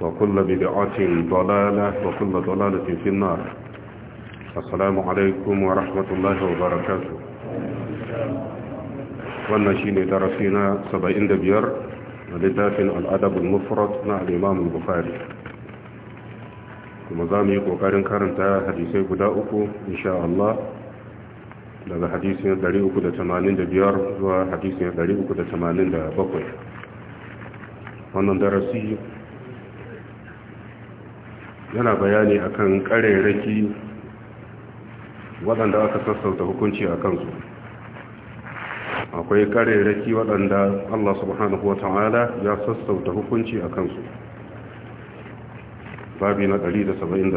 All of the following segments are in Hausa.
وكل بدعة ضلالة وكل ضلالة في النار السلام عليكم ورحمة الله وبركاته والنشين درسنا سبعين دبير لدافن الأدب المفرد مع الإمام البخاري kuma za mu yi ƙoƙarin karanta hadisai guda uku insha Allah daga hadisin 385 zuwa hadisin 387 wannan darasi yana bayani akan ƙarerraki waɗanda aka sassauta hukunci a kansu akwai ƙarerraki waɗanda Allah subhanahu wa ta'ala ya sassauta hukunci a kansu babi na 179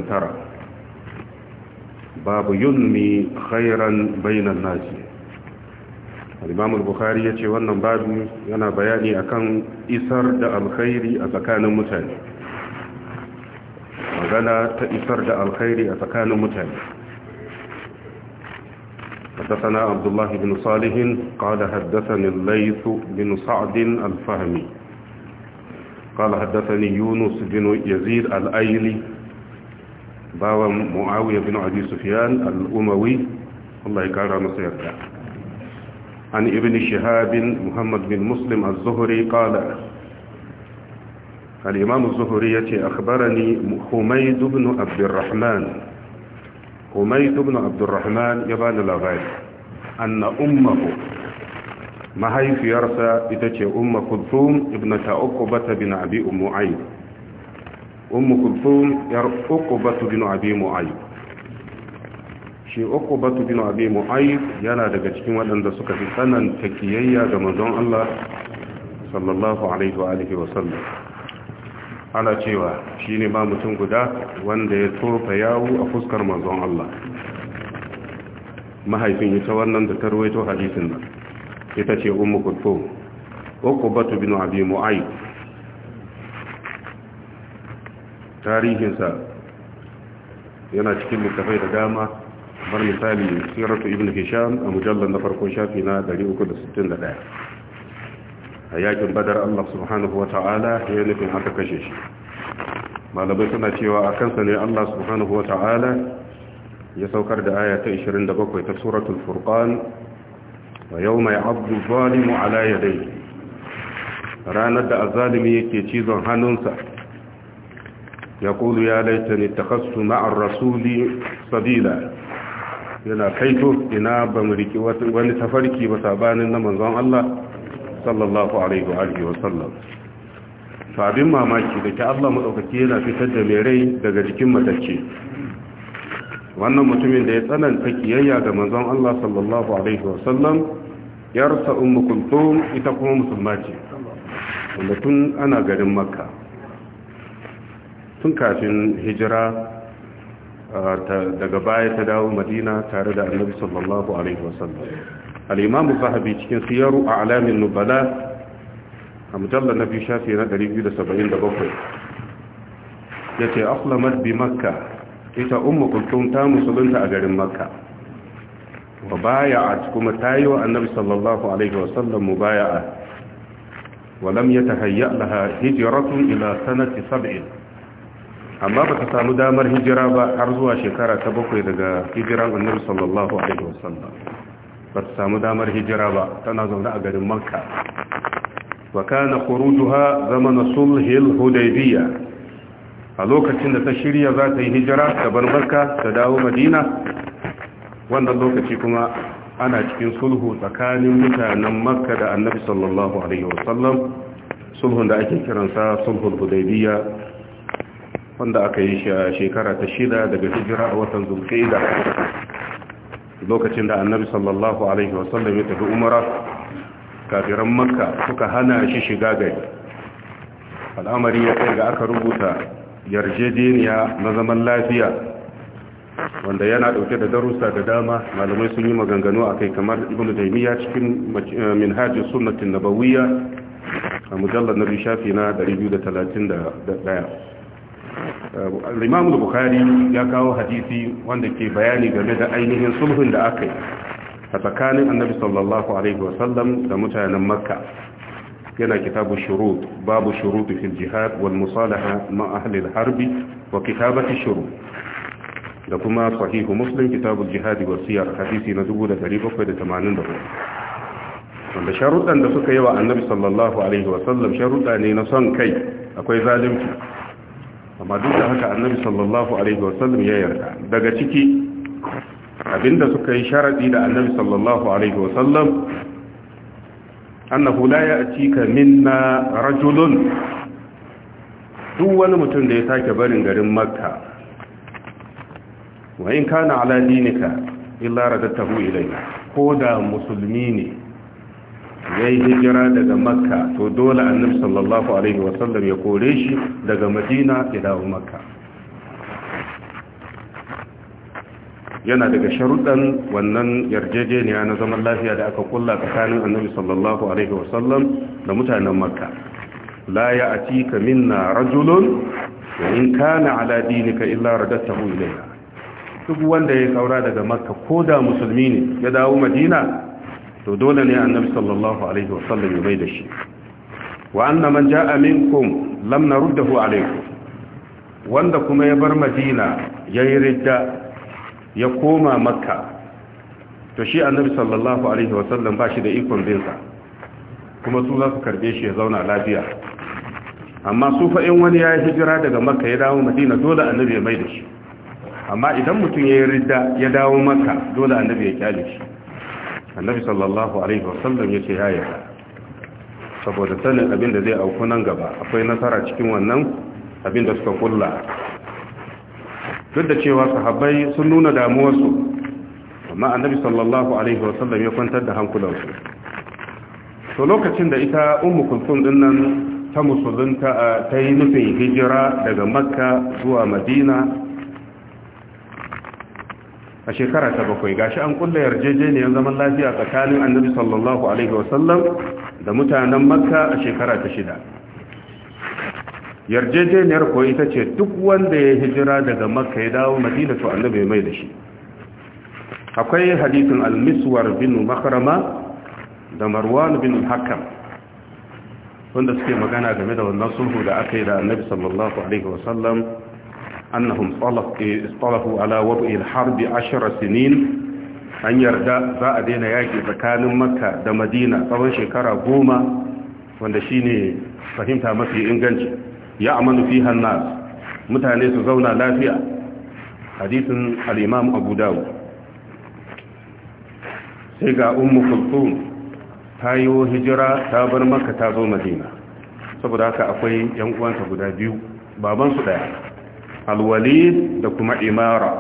babu yunmi khairan bainan nasi al-imam al-bukhari yace wannan babu yana bayani akan isar da alkhairi a tsakanin mutane magana ta isar da alkhairi a tsakanin mutane حدثنا عبد الله بن صالح قال حدثني الليث بن سعد الفهمي قال حدثني يونس بن يزيد الأيلي باو معاوية بن ابي سفيان الأموي الله يكرمه سيرجع عن ابن شهاب محمد بن مسلم الزهري قال الإمام الزهري أخبرني حميد بن عبد الرحمن حميد بن عبد الرحمن يبان الأغاية أن أمه ما هي في يرسى إتتي أم كلثوم ابنة أقبة بن أبي معيب أم كلثوم ير أقبة بن أبي معيب shi uku batu bin abi mu'ayyib yana daga cikin waɗanda suka fi tsananta kiyayya ga manzon Allah sallallahu alaihi wa alihi wa sallam ana cewa shi ne ba mutum guda wanda ya tofa yawo a fuskar manzon Allah mahaifin ita wannan da tarwaito hadisin nan ita ce ummu uku batu bin abi tarihinsa yana cikin littafai da dama bar misali siratu ibn hisham a mujallar na farko shafi na 361 a yakin badar Allah subhanahu wa ta'ala ya nufin aka kashe shi malamai suna cewa a kansa ne Allah subhanahu wa ta'ala ya saukar da aya ta 27 ta suratul furqan wa mai ya'addu zalimu ala dai. ranar da azalimi yake cizon hannunsa ya kulu ya laitani takassu ma'ar rasuli sabila yana kaito ina bamu riki wani tafarki ba sabanin na manzon Allah sallallahu alaihi wa alihi wa sallam to abin mamaki da ke Allah madaukaki yana fitar da mai rai daga jikin matacce wannan mutumin da ya tsananta kiyayya ga manzon Allah sallallahu alaihi wa sallam yarsa ummu kulthum ita kuma musulma ce wanda tun ana garin makka tun kafin hijira uh, daga baya ta dawo madina tare da annabi sallallahu alaihi wasallam al'imamu zahabi cikin siyaru a alamin nubala a mujallar na biyu shafi na 277 ya ce aflamar bi makka ita umma kultum ta musulunta a garin makka wa baya'a kuma ta yi wa annabi sallallahu alaihi wasallam mu baya a. walam ya ta hayya laha hijiratun ila sanati sab'in amma ba ta samu damar hijira ba har zuwa shekara ta bakwai daga hijiran annabi sallallahu alaihi wasallam ba ta samu damar hijira ba tana zaune a garin makka wa kana khurujuha zaman sulhil hudaybiyya a lokacin da ta shirya za ta yi hijira ta bar makka ta dawo madina wannan lokaci kuma ana cikin sulhu tsakanin mutanen makka da annabi sallallahu alaihi wasallam sulhun da ake kiransa sulhul hudaybiyya wanda aka yi shekara ta shida daga hijira a watan zulqa'ida lokacin da annabi sallallahu alaihi wasallam ya tafi umara kafiran makka suka hana shi shiga gari al'amari ya kai ga aka rubuta yarjejeniya na zaman lafiya wanda yana dauke da darussa da dama malamai sun yi maganganu akai kamar ibn taymiya cikin eh, minhajus sunnatin nabawiyya a mujallar na shafi na 231 al-imam bukhari ya kawo hadisi wanda ke bayani game da ainihin sulhun da aka yi a tsakanin annabi sallallahu alaihi wasallam da mutanen makka yana kitabu shurut babu shurut fil jihad wal musalaha ma ahli al-harb wa kitabati shurut da kuma sahihu muslim kitabul jihad wa siyar hadisi na 1784 wanda sharuɗan da suka yi wa annabi sallallahu alaihi sallam sharuɗa ne na son kai akwai zalunci amma duk da haka annabi sallallahu alaihi wasallam ya yarda daga ciki abinda suka yi sharadi da annabi sallallahu alaihi wasallam annahu la ya'tika minna rajulun duk wani mutum da ya sake barin garin makka wa in kana ala dinika illa radatahu ilayna ko da musulmi ne ya yi hijira daga makka to dole annabi sallallahu alaihi wasallam ya kore shi daga madina ya dawo makka yana daga sharuɗan wannan yarjejeniya na zaman lafiya da aka kulla tsakanin annabi sallallahu alaihi wasallam da mutanen makka la ya atika minna rajulun wa in kana ala dinika illa radatahu ilayka duk wanda ya saura daga makka ko da musulmi ne ya dawo madina to dole ne annabi sallallahu alaihi wasallam ya bai da shi wa anna man jaa minkum lam naruddahu alaikum wanda kuma ya bar madina yayi ridda ya koma makka to shi annabi sallallahu alaihi wasallam ba shi da ikon binsa kuma su za su karbe shi ya zauna lafiya amma su fa in wani ya yi hijira daga makka ya dawo madina dole annabi ya bai da shi amma idan mutum ya yi ridda ya dawo makka dole annabi ya kyale shi annabi sallallahu alaihi wasallam ya ce ya saboda sanin abin da zai auku nan gaba akwai nasara cikin wannan abin da suka kulla duk da cewa sahabbai sun nuna damuwarsu amma annabi sallallahu alaihi wasallam ya kwantar da hankulansu to lokacin da ita ummu kulsum din nan ta musulunta ta yi nufin hijira daga makka zuwa madina a shekara ta bakwai gashi an kulla yarjejeniyar zaman lafiya tsakanin annabi sallallahu alaihi wasallam da mutanen makka a shekara ta shida yarjejeniyar kuwa ita ce duk wanda ya hijira daga makka ya dawo madina to annabi mai da shi akwai hadisin almiswar bin makarama da marwan bin hakam wanda suke magana game da wannan sulhu da aka yi da annabi sallallahu alaihi wasallam annahum salafu ala wab'il harbi ashira sinin an yarda za a daina yaki tsakanin makka da madina tsawon shekara goma wanda shine fahimta mafi inganci ya amanu fi hannas mutane su zauna lafiya hadisin al abu dawo, sai ga ummu kulthum ta yi hijira ta bar makka ta zo madina saboda haka akwai yan uwanta guda biyu baban su alwalid da kuma imara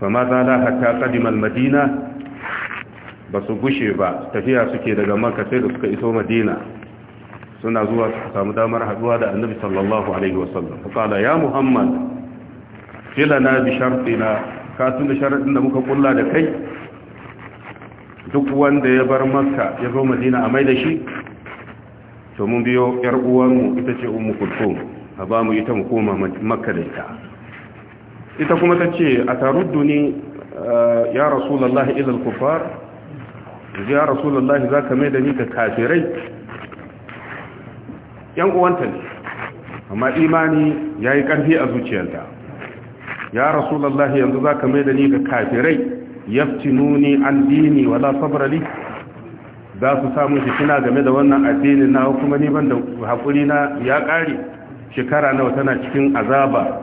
fama zala hatta kadimar madina ba su gushe ba tafiya suke daga maka sai da suka iso madina suna zuwa su samu damar haduwa da annabi sallallahu alaihi wasallam kala ya muhammad filana bi shartina ka tunda sharadin da muka kulla da kai duk wanda ya bar makka ya zo madina a mai da shi to mun biyo yar uwanmu ita ce ummu kulthum a ba mu ita mu koma makka da ita ita kuma ta ce a tarudduni eh, ya rasulullahi ila al-kuffar ya rasulullahi zaka mai da ni ga kafirai yan uwanta ne amma imani yayi karfi a zuciyarta ya rasulullahi yanzu zaka mai da ni ga kafirai yaftinuni an dini wala sabra li za su samu fitina game da wannan addinin na kuma ni ban da hakuri na ya ƙare? shekara nawa tana cikin azaba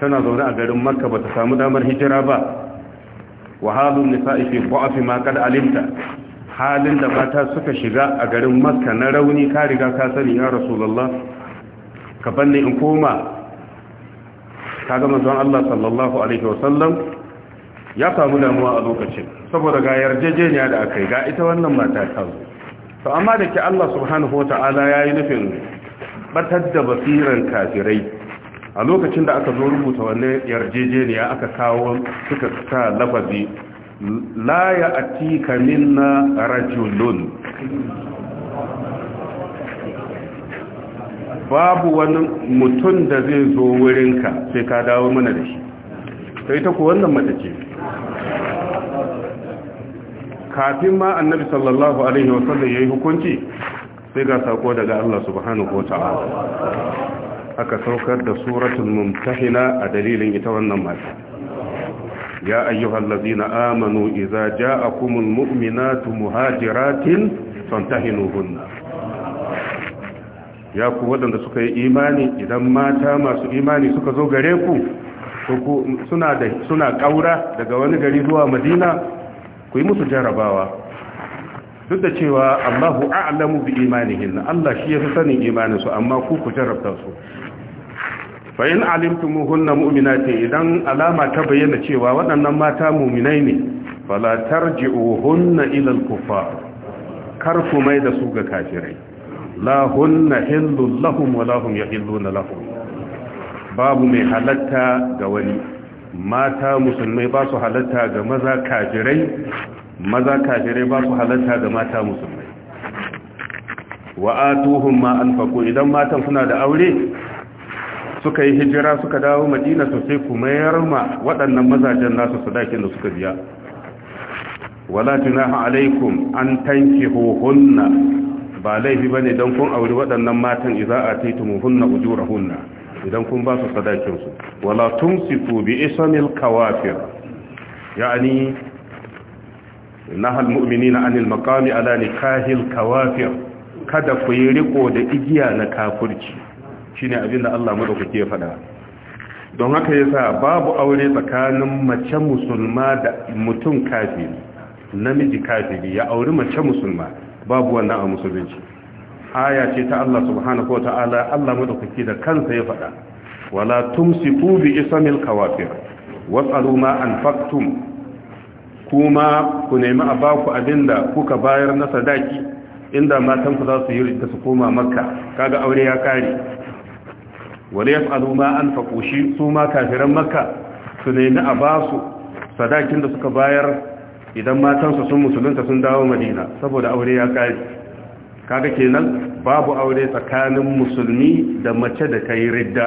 tana zaune a garin makka ba ta samu damar hijira ba wa halun nisa'i fi ba'fi ma kad alimta halin da mata suka shiga a garin makka na rauni ka riga ka sani ya rasulullah ka banne in koma kaga manzon Allah sallallahu alaihi wasallam ya samu damuwa a lokacin saboda ga yarjejeniya da aka ga ita wannan mata ta zo to amma da ke Allah subhanahu wata'ala ya yi nufin batar da basiran kafirai a lokacin da aka zo rubuta wannan yarjejeniya aka kawo suka sa lafazi la ya minna rajulun babu wani mutum da zai zo wurinka sai ka dawo mana da shi sai ta ku wannan mata ce kafin ma annabi sallallahu alaihi wasallam yayi hukunci sai ga sako daga Allah subhanahu wataala aka saukar da suratul mumtahina a dalilin ita wannan mata ya ayyuhallazina amanu idza ja'akumul mu'minatu muhajiratin fantahinuhunna ya ku waɗanda suka yi imani idan mata masu imani suka zo gare ku suna ƙaura daga wani gari zuwa madina ku yi musu jarabawa duk da cewa Allahu a'lamu bi imanihin Allah shi yafi sanin imanin su amma ku ku jarabta su fa in mumina ce idan alama ta bayyana cewa waɗannan mata mu'minai ne fala tarji'uhunna ila ilal kuffar kar ku mai da su ga kafirai la hunna hillul lahum wa lahum yahilluna lahum babu mai halatta ga wani mata musulmai ba su halatta ga maza kafirai maza kajirai ba su halatta ga mata musulmai wa ma anfaqu idan matan suna da aure suka yi hijira suka dawo madina to sai ku mayar ma waɗannan mazajen nasu sadakin da suka biya wala tunaha alaikum an tankihuhunna ba laifi bane dan kun aure waɗannan matan idza atitumuhunna ujurahunna idan kun ba su sadakinsu wala tumsiku bi isamil kawafir ya'ani nahal mu'minina anil maqami ala nikahil kawafir kada ku yi riko da igiya na kafirci shine abin da Allah ku ke faɗa don haka yasa babu aure tsakanin mace musulma da mutum kafiri namiji kafiri ya auri mace musulma babu wannan a musulunci aya ce ta Allah subhanahu wa ta'ala Allah madaukaki da kansa ya faɗa wala tumsiku bi ismil kawafir wasalu ma anfaqtum kuma ku nemi a baku abinda kuka bayar na sadaki inda matan ku za su yi da su koma makka kaga aure ya kare wala yasalu ma anfaqu shi su ma kafiran makka su nemi a basu sadakin da suka bayar idan matansu sun musulunta sun dawo madina saboda aure ya kare kaga kenan babu aure tsakanin musulmi da mace da ta yi ridda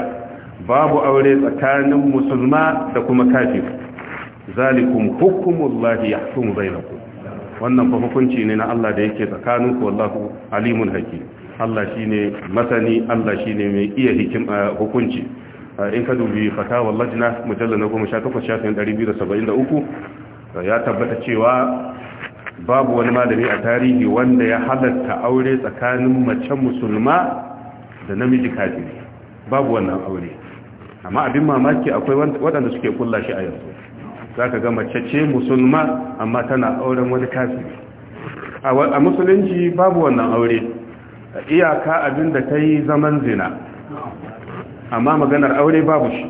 babu aure tsakanin musulma da kuma kafir zalikum hukumullahi yahkum bainakum wannan fa hukunci ne na Allah da yake tsakaninku wallahu alimun hakim Allah shine masani Allah shine mai iya hikim eh, hukunci eh, in ka dubi fatawa lajna mujallal na 18 shafin 273 ya tabbata cewa babu wani malami a tarihi wanda ya halatta aure tsakanin mace musulma da namiji kafiri babu wannan aure amma abin mamaki akwai waɗanda suke kulla shi a yanzu za ka ga mace ce musulma amma tana auren wani kafiri a musulunci babu wannan aure iyaka abin da ta yi zaman zina amma maganar aure babu shi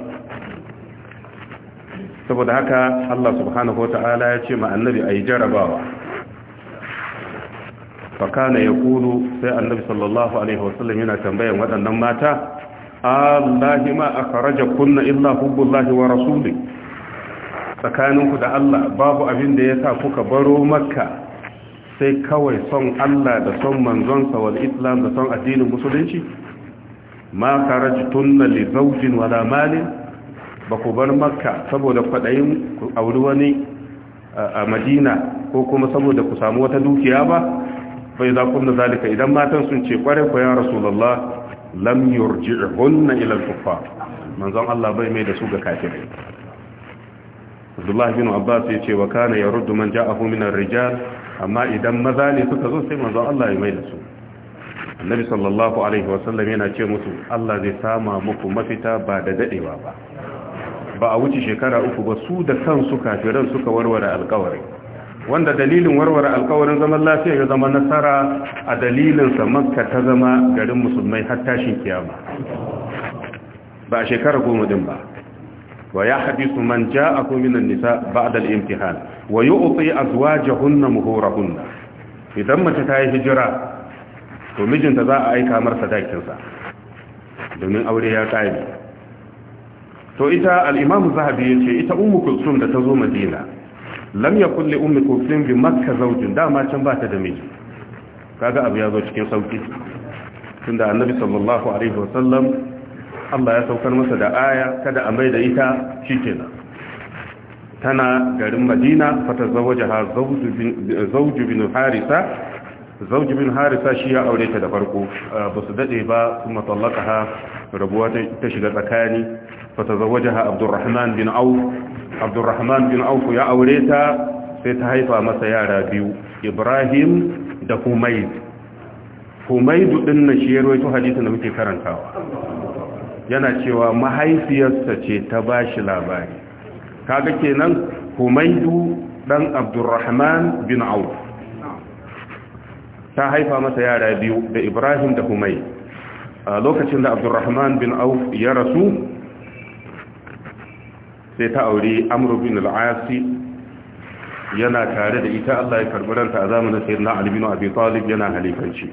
saboda haka Allah subhanahu wa ta'ala ya ce ma annabi a yi jarabawa fakana ya kulu sai annabi sallallahu alaihi wasallam yana tambayan waɗannan mata allahi ma a raja kunna illa hubbullahi wa rasuli tsakaninku da allah babu abin da ya sa kuka baro makka sai kawai son allah da son manzonsa wal islam da son addinin musulunci ma faraji tunna li zaujin wala malin ba ku bar makka saboda kwaɗayin auri wani a madina ko kuma saboda ku samu wata dukiya ba bai za kuma zalika idan matan sun ce kware ko ya rasulullah lam yurji'hunna ila al manzon Allah bai mai da su ga kafirai Abdullah bin Abbas ya ce wa kana yaruddu man ja'ahu min ar-rijal amma idan maza ne suka zo sai manzon Allah ya mai da su Annabi sallallahu alaihi wasallam yana ce musu Allah zai sama muku mafita ba da dadewa ba ba a wuce shekara uku ba su da kansu kafiran suka warware alƙawarin wanda dalilin warware alkawarin zaman lafiya ya zama nasara a dalilinsa makka ta zama garin musulmai har tashin kiyama ba a shekara goma din ba wa ya hadisu man ja'akum minan nisa ba'da al-imtihan wa yu'ti muhora hunna? idan mace ta yi hijira to mijinta za a aika mar sadakin domin aure ya kai to ita alimamu zahabi ya ce ita ummu kulsum da ta zo madina lam kulle li ummi kulsum bi makka zawjun dama can ba ta da miji kaga abu ya zo cikin sauki tunda annabi sallallahu alaihi wasallam Allah ya saukar masa da aya kada a mai da ita shikenan tana garin Madina fata zawajaha zawju bin Harisa zawju bin Harisa shi ya aure ta da farko ah, ba su dade ba kuma tallaka rabuwa ta shiga tsakani fata zawajaha Abdurrahman bin Auf abdurrahman bin auf ya aure ta sai ta haifa masa yara biyu ibrahim da humaid humaid din na shi ya da muke karantawa yana cewa mahaifiyarsa ce ta ba shi labari kaga kenan humaidu dan abdurrahman bin auf ta haifa masa yara biyu da ibrahim da humaid a lokacin da abdurrahman bin auf ya rasu sai ta aure amru bin asi yana tare da ita Allah ya karbi ranta a zamanin sayyidina ali bin abi talib yana halifanci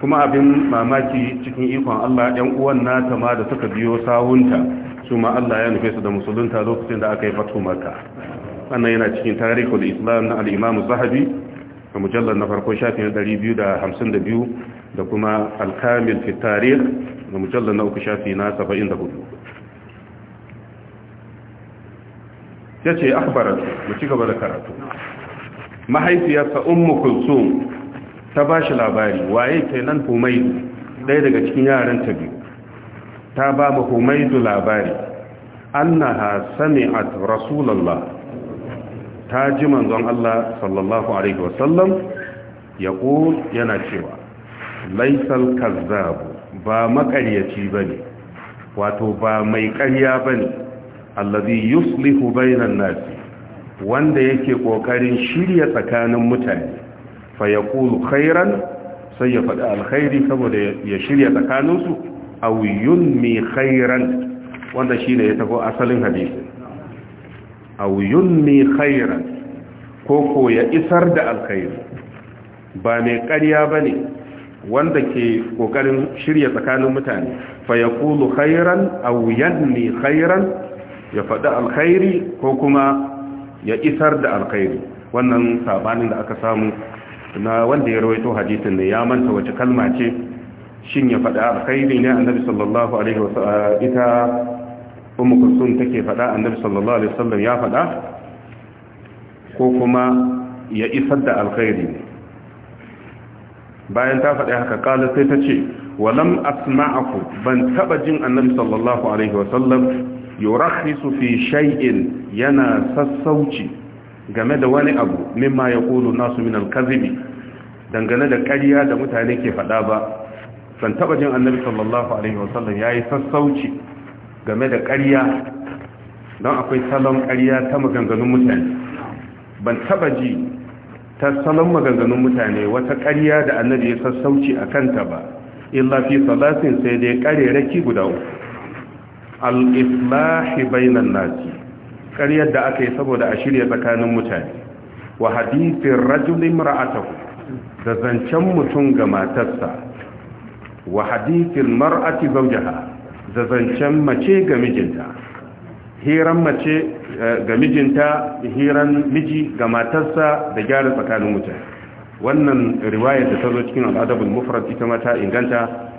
kuma abin mamaki cikin ikon Allah yan uwan nata ma da suka biyo sawunta su ma Allah ya nufe su da musulunta lokacin da aka yi fatu maka wannan yana cikin tarihul islam na al zahabi a mujallar na farko shafin 252 da kuma al-kamil da mujallar na uku shafi na 74 ya ce akbaratu mu ci gaba da karatu mahaifiyarsa ummu kulsum ta ba shi labari waye nan humaidu ɗaya daga cikin yaran ta biyu ta ba mu humaidu labari annaha sami'at rasulullah ta ji manzon Allah sallallahu alaihi sallam yaqul yana cewa laysal kazzab ba makaryaci bane wato ba mai ƙarya bane allazi yuslihu bainan nas wanda yake kokarin shirya tsakanin mutane fa yaqulu khairan sai ya faɗi alkhairi saboda ya shirya tsakaninsu aw yunmi khairan wanda shine ya tafi asalin hadisi aw yunmi khairan koko ya isar da alkhairi ba mai ƙarya bane wanda ke ƙoƙarin shirya tsakanin mutane fa ya kulu khairan aw ne khairan ya faɗi alkhairi ko kuma ya isar da alkhairi wannan sabanin da aka samu na wanda ya rawaito hadisin ne ya manta wace kalma ce shin ya faɗi alkhairi ne annabi sallallahu alaihi wasallam ita ummu kulsum take faɗa annabi sallallahu alaihi wasallam ya faɗa ko kuma ya isar da alkhairi bayan ta faɗi haka kala sai ta ce walam asma'aku ban taba jin annabi sallallahu alaihi wasallam yurakhisu fi shay'in yana sassauci game da wani abu mimma yaqulu nasu min al-kadhibi dangane da ƙarya da mutane ke faɗa ba san taba jin annabi sallallahu alaihi wasallam yayi sassauci game da ƙarya don akwai salon ƙarya ta maganganun mutane ban taba ji ta salon maganganun mutane wata ƙarya da annabi ya sassauci a kanta ba illa fi salatin sai dai ƙareraki guda uku al-islahi bainan nasi ƙaryar da aka yi saboda a shirya tsakanin mutane wa hadithin rajulin ra'atahu da zancen mutum ga matarsa wa hadithin mar'ati zaujaha da zancen mace ga mijinta hiran mace eh, ga mijinta hiran miji ga matarsa da gyara tsakanin mutane wannan riwayar da ta zo cikin al'adar mufrad ita ma inganta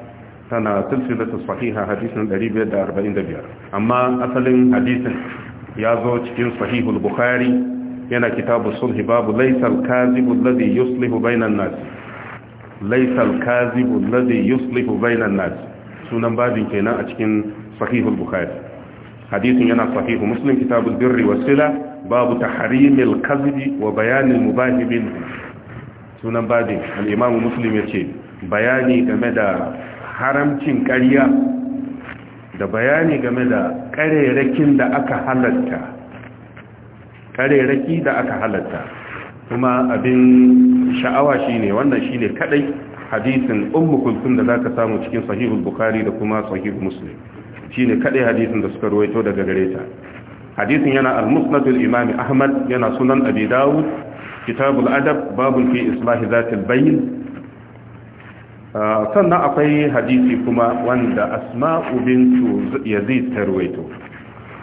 tana silsilatu sahiha hadisin 545 amma asalin hadisin ya zo cikin sahihul bukhari yana kitabu sulhi babu laisal kazibu alladhi yuslihu bainan nas laisal kazibu alladhi yuslihu bainan nas sunan babin kenan a cikin sahihul bukhari hadisin yana sahihu muslim kitabul birri sila babu tahrimil kadhibi wa bayanil mubahibin sunan babin al-imam ya ce bayani game da haramcin ƙarya da bayani game da ƙarerakin da aka halatta ƙareraki da aka halatta kuma abin sha'awa shine wannan shine kaɗai hadisin ummu kulsum da zaka samu cikin sahihul bukari da kuma sahihul shi shine kaɗai hadisin da suka ruwaito daga gareta hadisin yana al imami ahmad yana sunan abi dawud kitabul adab babun fi islahi zatul bayn Ah, sannan akwai hadisi kuma wanda asma'u bintu yazid ta ruwaito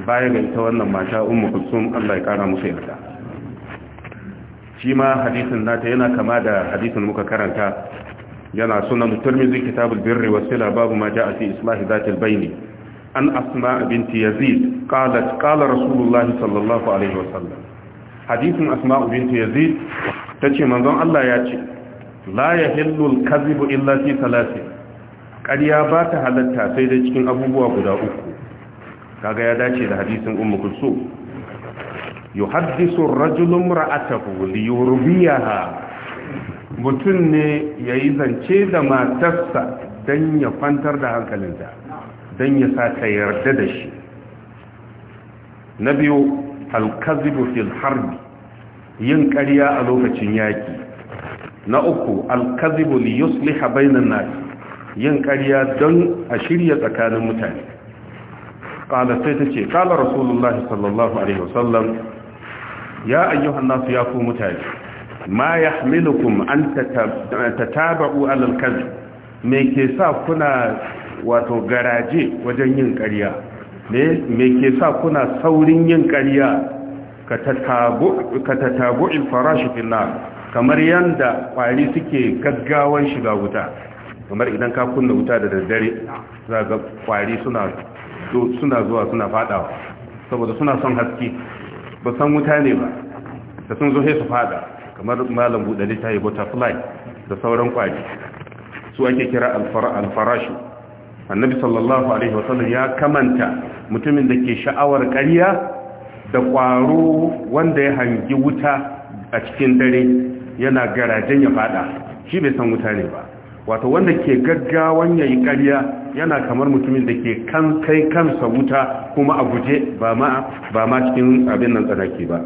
baya ga ita wannan mata ummu kusum, Allah ya kara musu yarda shi ma hadisin nata yana kama da hadisin muka karanta yana sunan turmizi kitabul birri wasila babu ma ja'a fi islahi zatil bayni an Asma'u binti yazid qalat qala rasulullahi sallallahu alaihi sallam. hadisin Asma'u binti yazid tace manzon Allah ya ce la ya hillul kazibu illa fi talatin ƙarya ba ta halatta sai dai cikin abubuwa guda uku kaga ya dace da hadisin ummu kulsum yuhaddisu rajulun ra'atahu li yurbiyaha mutum ne yayi zance da matarsa dan ya kwantar da hankalinta dan ya sa ta yarda da shi na biyo alkazibu fil harbi yin ƙarya a lokacin yaki na uku alkazibu li yusliha bainan nas yin ƙarya don a shirya tsakanin mutane qala sai tace qala rasulullahi sallallahu alaihi wasallam ya ayyuhan nas ya ku mutane ma yahmilukum an tatabu ala alkazib me ke sa kuna wato garaje wajen yin ƙarya me ke sa kuna saurin yin ƙarya ka tatabu ka tatabu al farashi fil nar kamar yadda kwari suke gaggawan shiga wuta kamar idan ka kunna wuta da daddare za ga kwari suna zuwa suna fadawa saboda suna son haske ba san wuta ne ba da sun zo su fada kamar malam buɗe littafi butterfly da sauran kwari su ake kira alfarashi annabi sallallahu alaihi wasallam ya kamanta mutumin da ke sha'awar ƙarya da ƙwaro wanda ya hangi wuta a cikin dare yana garajen ya fada shi bai san wuta ne ba wato wanda ke gaggawan ya yi ƙarya yana kamar mutumin da ke kan kai kansa wuta kuma a guje ba ma cikin abin nan tsanaki ba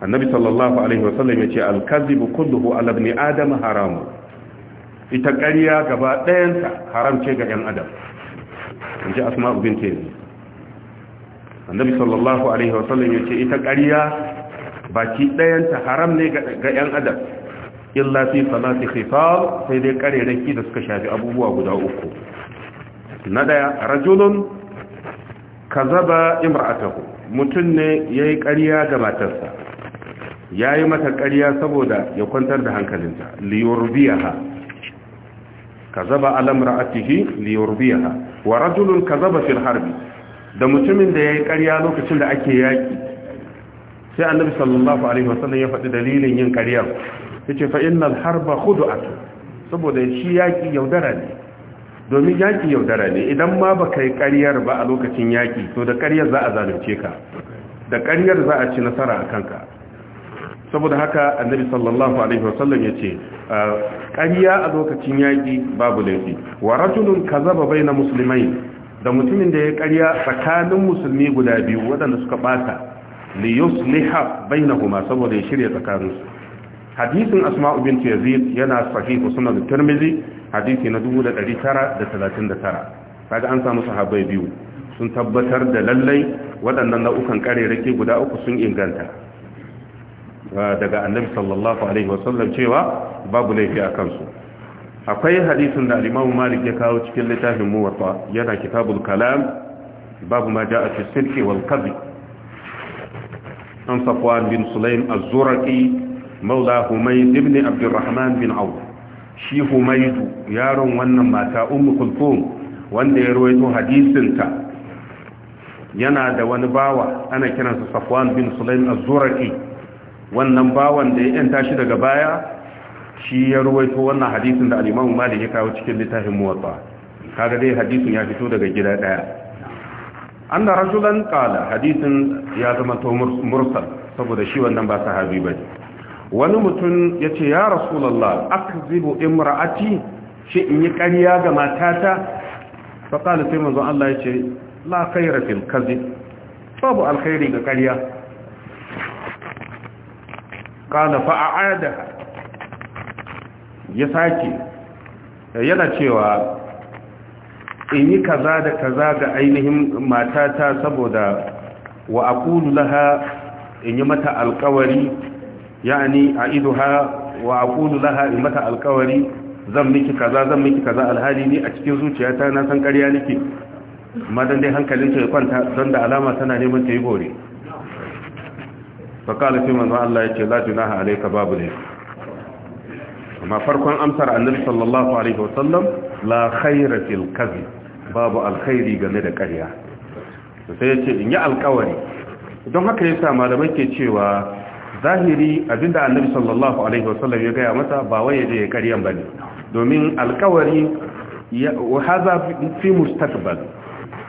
annabi sallallahu alaihi wasallam ya ce alkazibu kulluhu ala ibn adam haramu ita ƙarya gaba ɗayanta haram ce ga ɗan adam in ji asma ubin annabi sallallahu alaihi wasallam ya ce ita ƙarya baki ɗayanta haram ne ga 'yan adam illa fi salati khifar sai dai kare raki da suka shafi abubuwa guda uku na ɗaya rajulun kazaba imra'atahu mutum ne ya ƙarya ga matarsa yayi mata ƙarya saboda ya kwantar da hankalinta liyorbiyaha kazaba alamra'atihi liyorbiyaha wa rajulun kazaba fil harbi da mutumin da yayi ƙarya lokacin da ake yaƙi sai annabi sallallahu alaihi wasallam ya faɗi dalilin yin ƙarya yace fa innal harba khudu'atu saboda shi yaki yaudara ne domin yaki yaudara ne idan ma baka yi ƙaryar ba a lokacin yaki to da ƙaryar za a zalunce ka da ƙaryar za a ci nasara a kanka saboda haka annabi sallallahu alaihi wasallam yace ah, ƙarya a lokacin yaki babu laifi wa rajulun kazaba baina muslimain da mutumin da ya ƙarya tsakanin musulmi guda biyu waɗanda suka bata li yusliha bainahuma saboda ya shirya tsakaninsu hadisin asma'u bint yazid yana sahihu sunan tirmizi hadisi na 1939 kaga an samu sahabbai biyu sun tabbatar da lallai waɗannan nau'ukan karerake guda uku sun inganta daga annabi sallallahu alaihi wasallam cewa babu laifi a kansu akwai hadisin da al Malik ya kawo cikin littafin Muwatta yana Kitabul Kalam babu ma ja'a fi sidqi wal kadhib عن صفوان بن سليم الزرقي مولى حميد بن عبد الرحمن بن عوف شي حميد يارون wannan mata ummu kulthum wanda ya rawaito hadisin yana da wani bawa ana kiransa Safwan bin Sulaim az zuraki wannan bawan da ya yanta shi daga baya shi ya rawaito wannan hadisin da al-Imam Malik ya kawo cikin littafin Muwatta kaga dai hadisin ya fito daga gida daya anna rajulan qala hadisin ya zama to mursal saboda shi wannan ba sahabi bane wani mutum yace ya rasulullah akzibu imraati shi in yi ƙarya ga matata fa qala sai manzo Allah yace la khayra fil kadhib babu alkhairi ga ƙarya qala fa a'ada ya sake yana cewa in yi kaza da kaza ga ainihin matata saboda wa aqulu laha in yi mata alƙawari yani ha wa aqulu laha in mata alƙawari zan miki kaza zan miki kaza alhali ni a cikin zuciyata na san ƙarya nake don dai hankalin ta kwanta don da alama tana neman ta yi bore fa qala fi Allah yace la junaha alayka babu ne. amma farkon amsar annabi sallallahu alaihi wasallam la khaira fil babu alkhairi game da ƙarya sai yace in yi alƙawari don haka yasa malamai ke cewa zahiri abinda annabi sallallahu alaihi wasallam ya gaya mata ba wai yaje ya ƙaryan bane domin alƙawari haza fi mustaqbal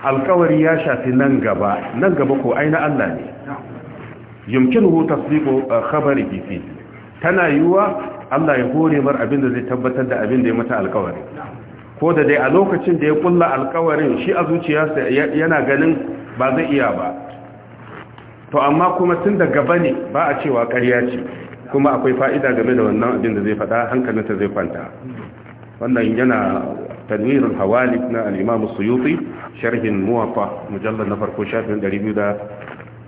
alƙawari ya shafi nan gaba nan gaba ko aina Allah ne yumkinuhu tasdiqu eh, khabari fi tana yiwa Allah ya hore mar abin da zai tabbatar da abin da ya mata alkawari ko da dai a lokacin da ya kulla alkawarin shi a zuciyarsa yana ganin ba zai iya ba to amma kuma tun da gaba ne ba a cewa ƙarya ce kuma akwai fa'ida game da wannan abin da zai faɗa ta zai kwanta wannan yana tanwirin hawali na al'imamu suyuti sharhin muwafa mujallar na farko shafin 254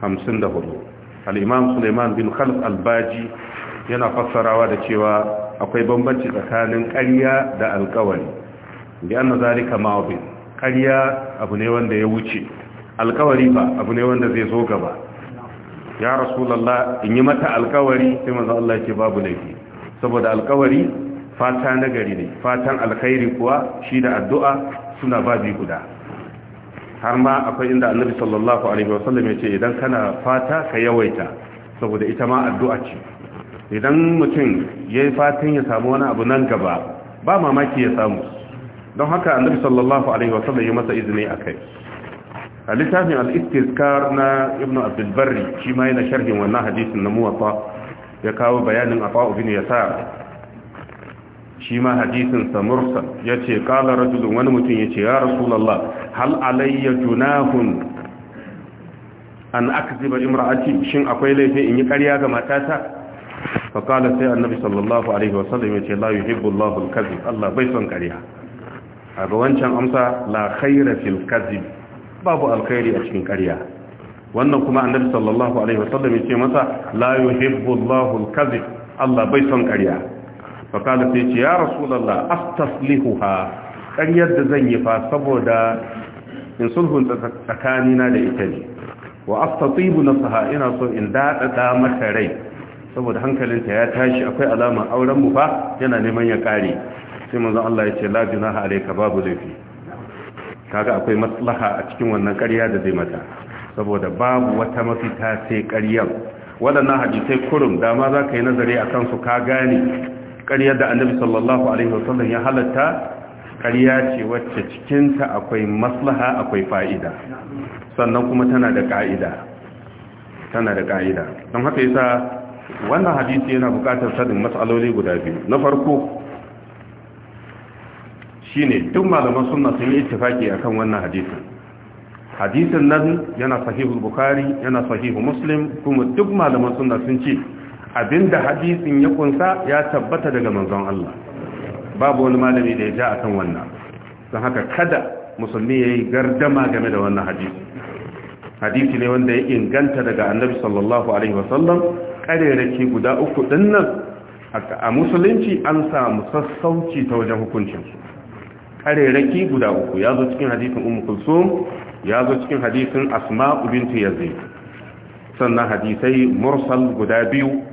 al'imam suleiman bin khalif albaji yana fassarawa da cewa akwai bambanci tsakanin ƙarya da alkawari da anna zalika ma'bin ƙarya abu ne wanda ya wuce alkawari ba abu ne wanda zai zo gaba ya rasulullah in yi mata alkawari sai manzo Allah yake babu laifi saboda alkawari fata nagari ne fatan alkhairi kuwa shi da addu'a suna babi guda har ma akwai inda annabi sallallahu alaihi wasallam ya ce idan kana fata ka yawaita saboda ita ma addu'a ce idan mutum ya yi fatan ya samu wani abu nan gaba ba mamaki ya samu don haka annabi sallallahu alaihi wa sallam ya masa izini akai kai a littafin al-istizkar na ibn abdulbari shi ma yana sharhin wannan hadisin na muwatta ya kawo bayanin afa ibn yasar shi ma hadisin sa ya ce qala rajulun wani mutum ya ce ya rasulullah hal alayya junahun an akziba imra'ati shin akwai laifi in yi ƙarya ga matata faƙala sai annabi sallallahu alaihi wasallam ya ce la yuhibbu Allahul kadhib Allah bai son ƙarya a ga wancan amsa la khaira fil kazib babu alkhairi a cikin ƙarya wannan kuma annabi sallallahu alaihi wasallam ya ce masa la yuhibbu Allahul kadhib Allah bai son ƙarya faƙala sai ce ya rasulullah astaslihuha ƙaryar da zan yi fa saboda in sulhun tsakanina da ita ne wa astatibu nasaha ina so in daɗaɗa mata rai saboda hankalinta ya tashi akwai alama auren mu fa yana neman ya kare sai manzo Allah ya ce la junaha alayka babu laifi kaga akwai maslaha a cikin wannan ƙarya da zai mata saboda babu wata mafita sai ƙaryar waɗannan hadisai kurum dama za ka yi nazari a kansu ka gane ƙaryar da annabi sallallahu alaihi wasallam ya halatta ƙarya ce wacce cikinta akwai maslaha akwai fa'ida sannan kuma tana da ka'ida tana da ƙa'ida don haka yasa wannan hadisi yana bukatar sanin matsaloli guda biyu na farko Shi ne duk malaman suna sun yi a akan wannan hadisin hadisin nan yana sahihu bukhari yana sahihu muslim kuma duk malaman suna sun ce abinda hadisin ya kunsa ya tabbata daga manzon Allah babu wani malami da ya ja akan wannan don haka kada musulmi ya yi gardama game da wannan hadisi hadisi ne wanda ya inganta daga annabi sallallahu alaihi wasallam ƙarerake guda uku dinnan a musulunci an samu sassauci ta wajen hukuncinsu ƙarerake guda uku ya zo cikin hadisin umu kulsum ya zo cikin hadisin asma'u bintu yazid sannan hadisai mursal guda biyu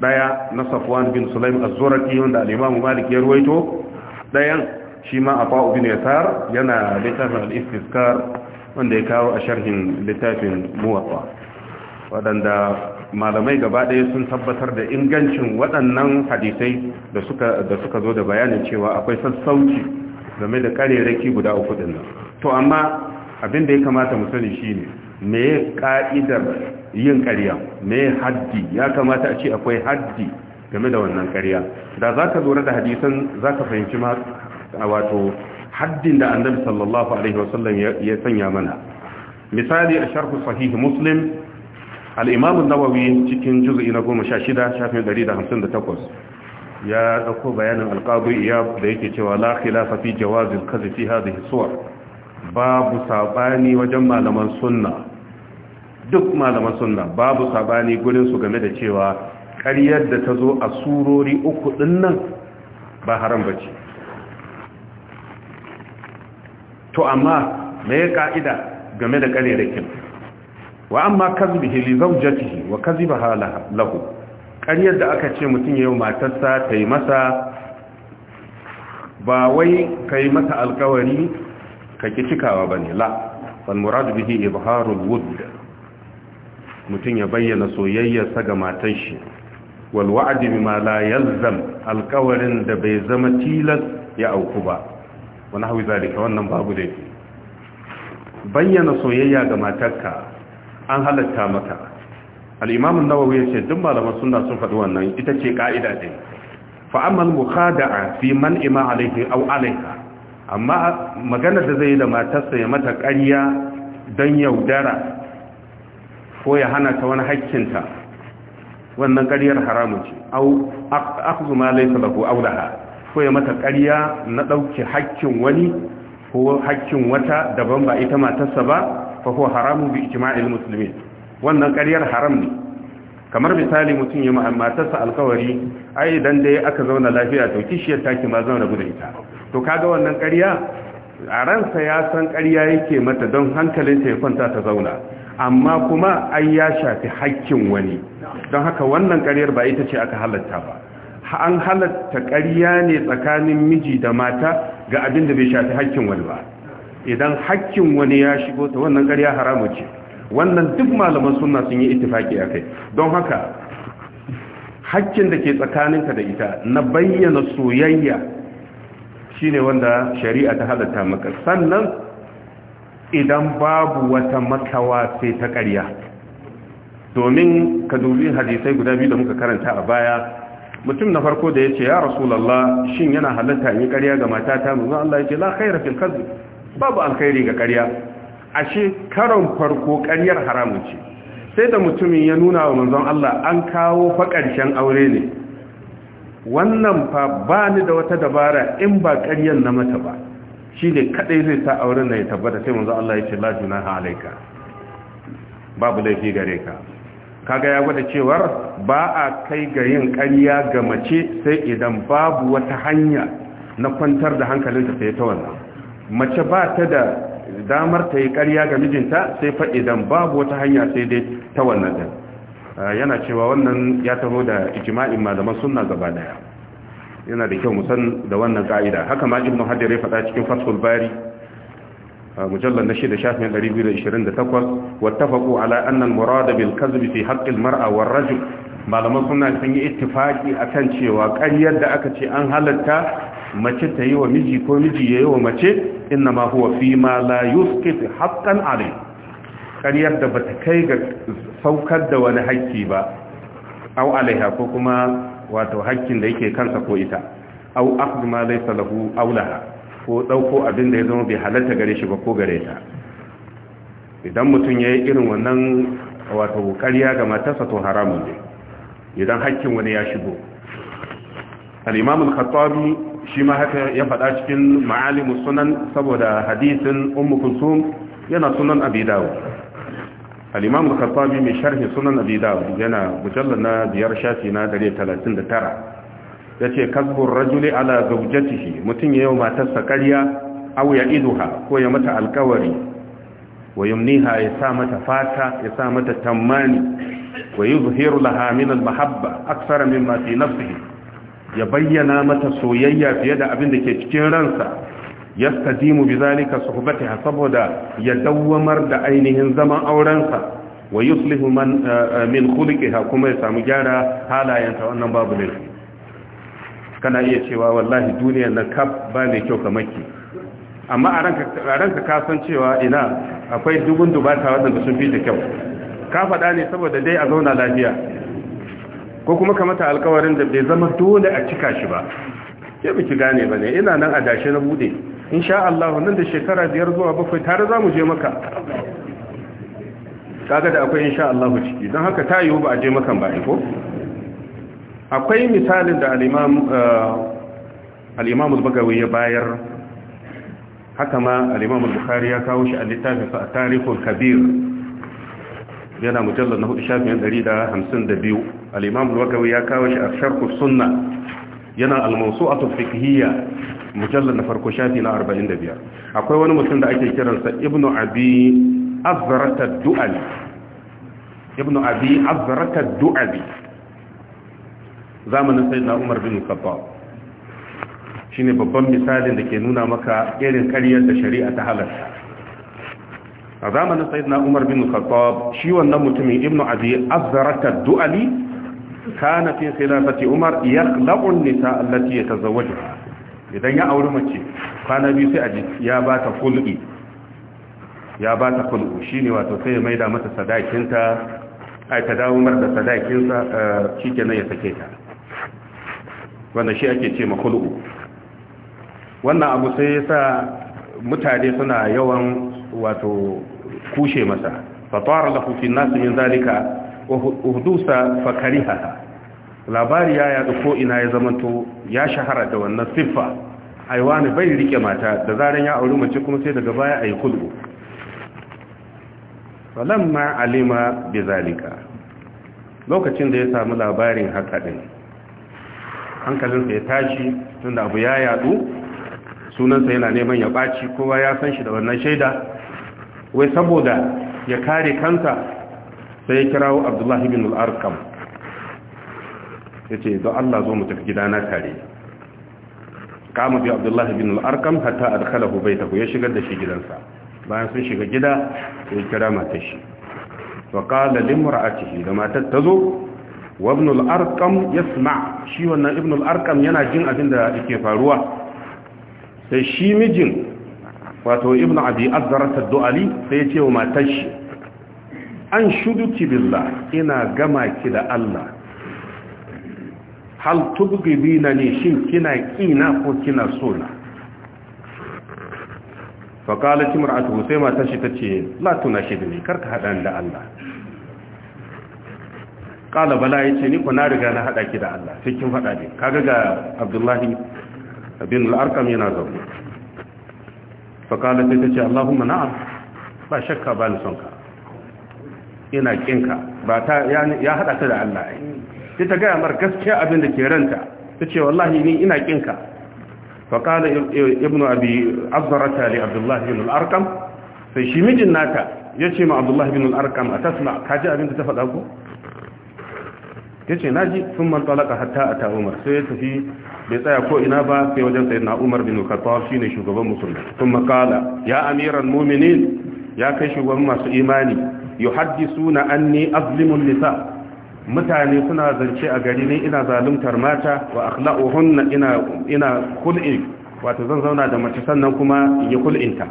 daya na safwan bin sulaim az-zurqi wanda al-imam malik ya ruwaito dayan shi ma afa bin yasar yana littafin al-istizkar wanda ya kawo a sharhin littafin muwafa. waɗanda malamai gaba ɗaya sun tabbatar da ingancin waɗannan hadisai da suka zo da bayanin cewa akwai sassauci game da ƙarerraki guda uku ɗin nan to amma abin da ya kamata mu sani shi ne me ƙa'idar yin ƙarya me haddi ya kamata a ce akwai haddi game da wannan ƙarya da za ka lura da hadisan za ka fahimci ma wato haddin da annabi sallallahu alaihi wasallam ya sanya mana misali a sharhu sahih muslim al-imam an-nawawi cikin juz'i na 16 shafin 158 ya dauko bayanin al-qadi iyab da yake cewa la khilafa fi jawaz al-kadhib fi hadhihi suwar babu sabani wajen malaman sunna duk malaman sunna babu sabani gurin su game da cewa ƙaryar da ta zo a surori uku dinnan ba haram bace to amma me ka'ida game da kare karerakin wa amma kazbihi li zawjatihi wa kazibaha lahu kariyar da aka ce mutum yayin matarsa ta masa ba wai kai masa alkawari ka ki cikawa ba ne la murad bihi ibharul wudd mutum ya bayyana soyayyarsa ga matar shi wal wa'd bima la yalzam alkawarin da bai zama tilas ya auku ba wani hawi zalika wannan babu da bayyana soyayya ga matarka an halatta maka al'imamun nawawi ya ce duk malaman suna sun faɗi wannan ita ce ƙa'ida ɗin fa'amal a fi man ima alaihi au alaika. amma maganar da zai yi da matarsa ya mata ƙarya don yaudara ko ya hana ta wani haƙƙinta wannan ƙaryar haramun ce au laifin lafi au da aulaha ko ya mata ƙarya na ɗauki haƙƙin wani ko haƙƙin wata daban ba ita matarsa ba fa ko haramu bi ijma'il muslimin wannan ƙaryar haram ne kamar misali mutum ya matarsa alkawari ai idan dai aka zauna lafiya to kishiyar taki ma zauna guda ita to kaga wannan ƙarya a ransa ya san ƙarya yake mata don hankalinta ya kwanta ta zauna amma kuma ai ya shafi haƙƙin wani don haka wannan ƙaryar ba ita ce aka halatta ba an halatta ƙarya ne tsakanin miji da mata ga abin da bai shafi hakkin wani ba idan hakkin wani ya shigo ta wannan ƙarya haramu ce wannan duk malaman suna sun yi ittifaki a kai don haka hakkin da ke tsakaninka da ita na bayyana soyayya shine wanda shari'a ta halatta maka sannan idan babu wata makawa sai ta ƙarya domin ka dubi hadisai guda biyu da muka karanta a baya mutum na farko da ya ce ya rasulallah shin yana halatta yi ƙarya ga matata mu Allah ya ce la khaira fil babu alkhairi ga ƙarya ashe karon farko ƙaryar haramun ce sai da mutumin ya nuna wa manzon Allah an kawo fa ƙarshen aure ne wannan fa ba ni da wata dabara in ba ƙaryar na mata ba shine kadai zai sa auren na ya tabbata sai manzon Allah ya ce la junaha alayka babu laifi gare ka kaga ya gwada cewar ba a kai ga yin ƙarya ga mace sai idan babu wata hanya na kwantar da ta sai ta wannan mace ba ta da damar ta yi ƙarya ga mijinta sai fa idan babu wata hanya sai dai ta wannan din ah, yana cewa wannan ya taho da ijma'in malaman sunna gaba daya yana da kyau musan da wannan ka'ida haka ma ibnu hajar ya faɗa cikin fathul bari mujallar na shida shafin 228 wattafaku ala annal murada bil kazbi fi haqqil mar'a war rajul malaman suna sun yi ittifaki akan cewa ƙaryar da aka ce an halatta mace ta yi wa miji ko miji ya yi wa mace inna ma huwa fi ma la yusqit haqqan alai ƙaryar da bata kai ga saukar da wani haƙƙi ba au alaiha ko kuma wato haƙƙin da yake kansa ko ita au akhdhu ma laysa lahu aulaha ko ɗauko abin da ya zama bai halatta gare shi ba ko gare ta idan mutum ya yi irin wannan wato ƙarya ga matarsa to haramun ne idan hakkin wani ya shigo al'imamun imam khattabi shi ma haka ya faɗa cikin ma'alimu sunan saboda hadisin umukun sun yana sunan abi al'imamun al khattabi mai sharhi sunan abi yana mujallar na biyar shafi na 139 yace kasbur rajuli ala mutum ya yayin matarsa ƙarya au ya iduha ko ya mata alkawari wa yumniha ya sa mata fata ya sa mata tammani wa yuzhiru laha min almahabba akthara mimma fi nafsihi ya bayyana mata soyayya fiye da abin da ke cikin ransa yastadimu bizalika suhbatiha saboda ya dawwamar da ainihin zaman aurensa wa yuslihu man eh, eh, min khuliqiha kuma ya samu gyara halayenta wannan babu laifi kana iya cewa wallahi duniyar na kaf ba mai kyau kamar ki amma a ranka ka san cewa ina akwai dubun dubata waɗanda sun fi da kyau ka faɗa ne saboda dai a zauna lafiya ko kuma kamata alkawarin da bai zama dole a cika shi ba ke biki gane ba ne ina nan a dashe na bude insha Allah nan da shekara biyar zuwa bakwai tare za mu je maka kaga da akwai insha Allah ciki don haka ta yiwu ba a je maka ba ko akwai misalin da al'imam eh, al ya bayar haka ma al'imam al ya kawo shi a littafinsa a tarihul kabir yana mujallar na hudu shafin 152 al'imam al-bagawi ya kawo shi a sharkul sunna yana al a tuffikiyya mujallar na farko shafi na 45 akwai wani mutum da ake kiransa Ibn abi azrata du'ali ibnu abi azrata du'ali zamanin sai na umar bin khattab shine babban misalin da ke nuna maka irin karyar da shari'a ta halarta a zamanin sai na umar bin khattab shi wannan mutumin ibnu abi azzarata du'ali kana fi khilafati umar yaqlaqu an-nisa allati yatazawwaju idan ya auri mace kwana biyu sai aji ya bata kulli ya bata kulli shine wato sai ya maida mata sadakinta ai ta dawo mar da sadakinsa eh, shikenan ya sake ta wanda shi ake ce makulu wannan abu sai ya sa mutane suna yawan wato kushe masa fatawar lahu fi nas min zalika fa fakariha labari ya yadu ko ina ya zamanto ya shahara da wannan siffa ne bai rike mata da zaran ya auri mace kuma sai daga baya ayi kulu falamma alima zalika. lokacin da ya samu labarin haka din hankalinsa ya tashi tunda abu ya yadu sunansa yana neman ya ɓaci kowa ya san shi da wannan shaida wai saboda ya kare kansa sai ya kirawo abdullahi bin al'arkam ya ce don allah zo mu tafi gidana tare kama biyu abdullahi bin al'arkam hatta a dakala hubai taku ya shigar da shi gidansa bayan sun shiga gida ya kira matashi wa kala limura da matar ta zo wa ibn al-arqam yasma shi wannan ibnul arqam yana jin abin da yake faruwa sai shi mijin wato ibn abi azzara ad-du'ali sai ya ce wa matar shi an shuduki billah ina gama ki da Allah hal tubghidina ne shin kina kina ko kina sona fa qalat imra'atuhu sai matar tace la tunashidni karka hadan da Allah kala bala ya ce ni ku na riga na hada ki da Allah sai kin faɗa ne kaga ga Abdullahi bin al yana zaune fa kala sai ta ce Allahumma na'am ba shakka ba ni son ka ina kinka ba ta ya hada ta da Allah sai ta gaya mar gaskiya abin da ke ranta ta ce wallahi ni ina kinka fa kala ibnu abi azrata li Abdullahi bin al sai shi mijin nata ya ce ma Abdullahi bin a tasma. Ka ji abin da ta faɗa ku? ya ce na ji sun man talaka hatta a ta'umar sai ya tafi bai tsaya ko ina ba sai wajen sai na umar bin khattab shine shugaban musulmi sun makala ya amiran muminin ya kai shugaban masu imani an anni azlimun nisa mutane suna zance a gari ne ina zaluntar mata wa akhla'uhunna ina ina kul'i wato zan zauna da mace sannan kuma yi kul'inta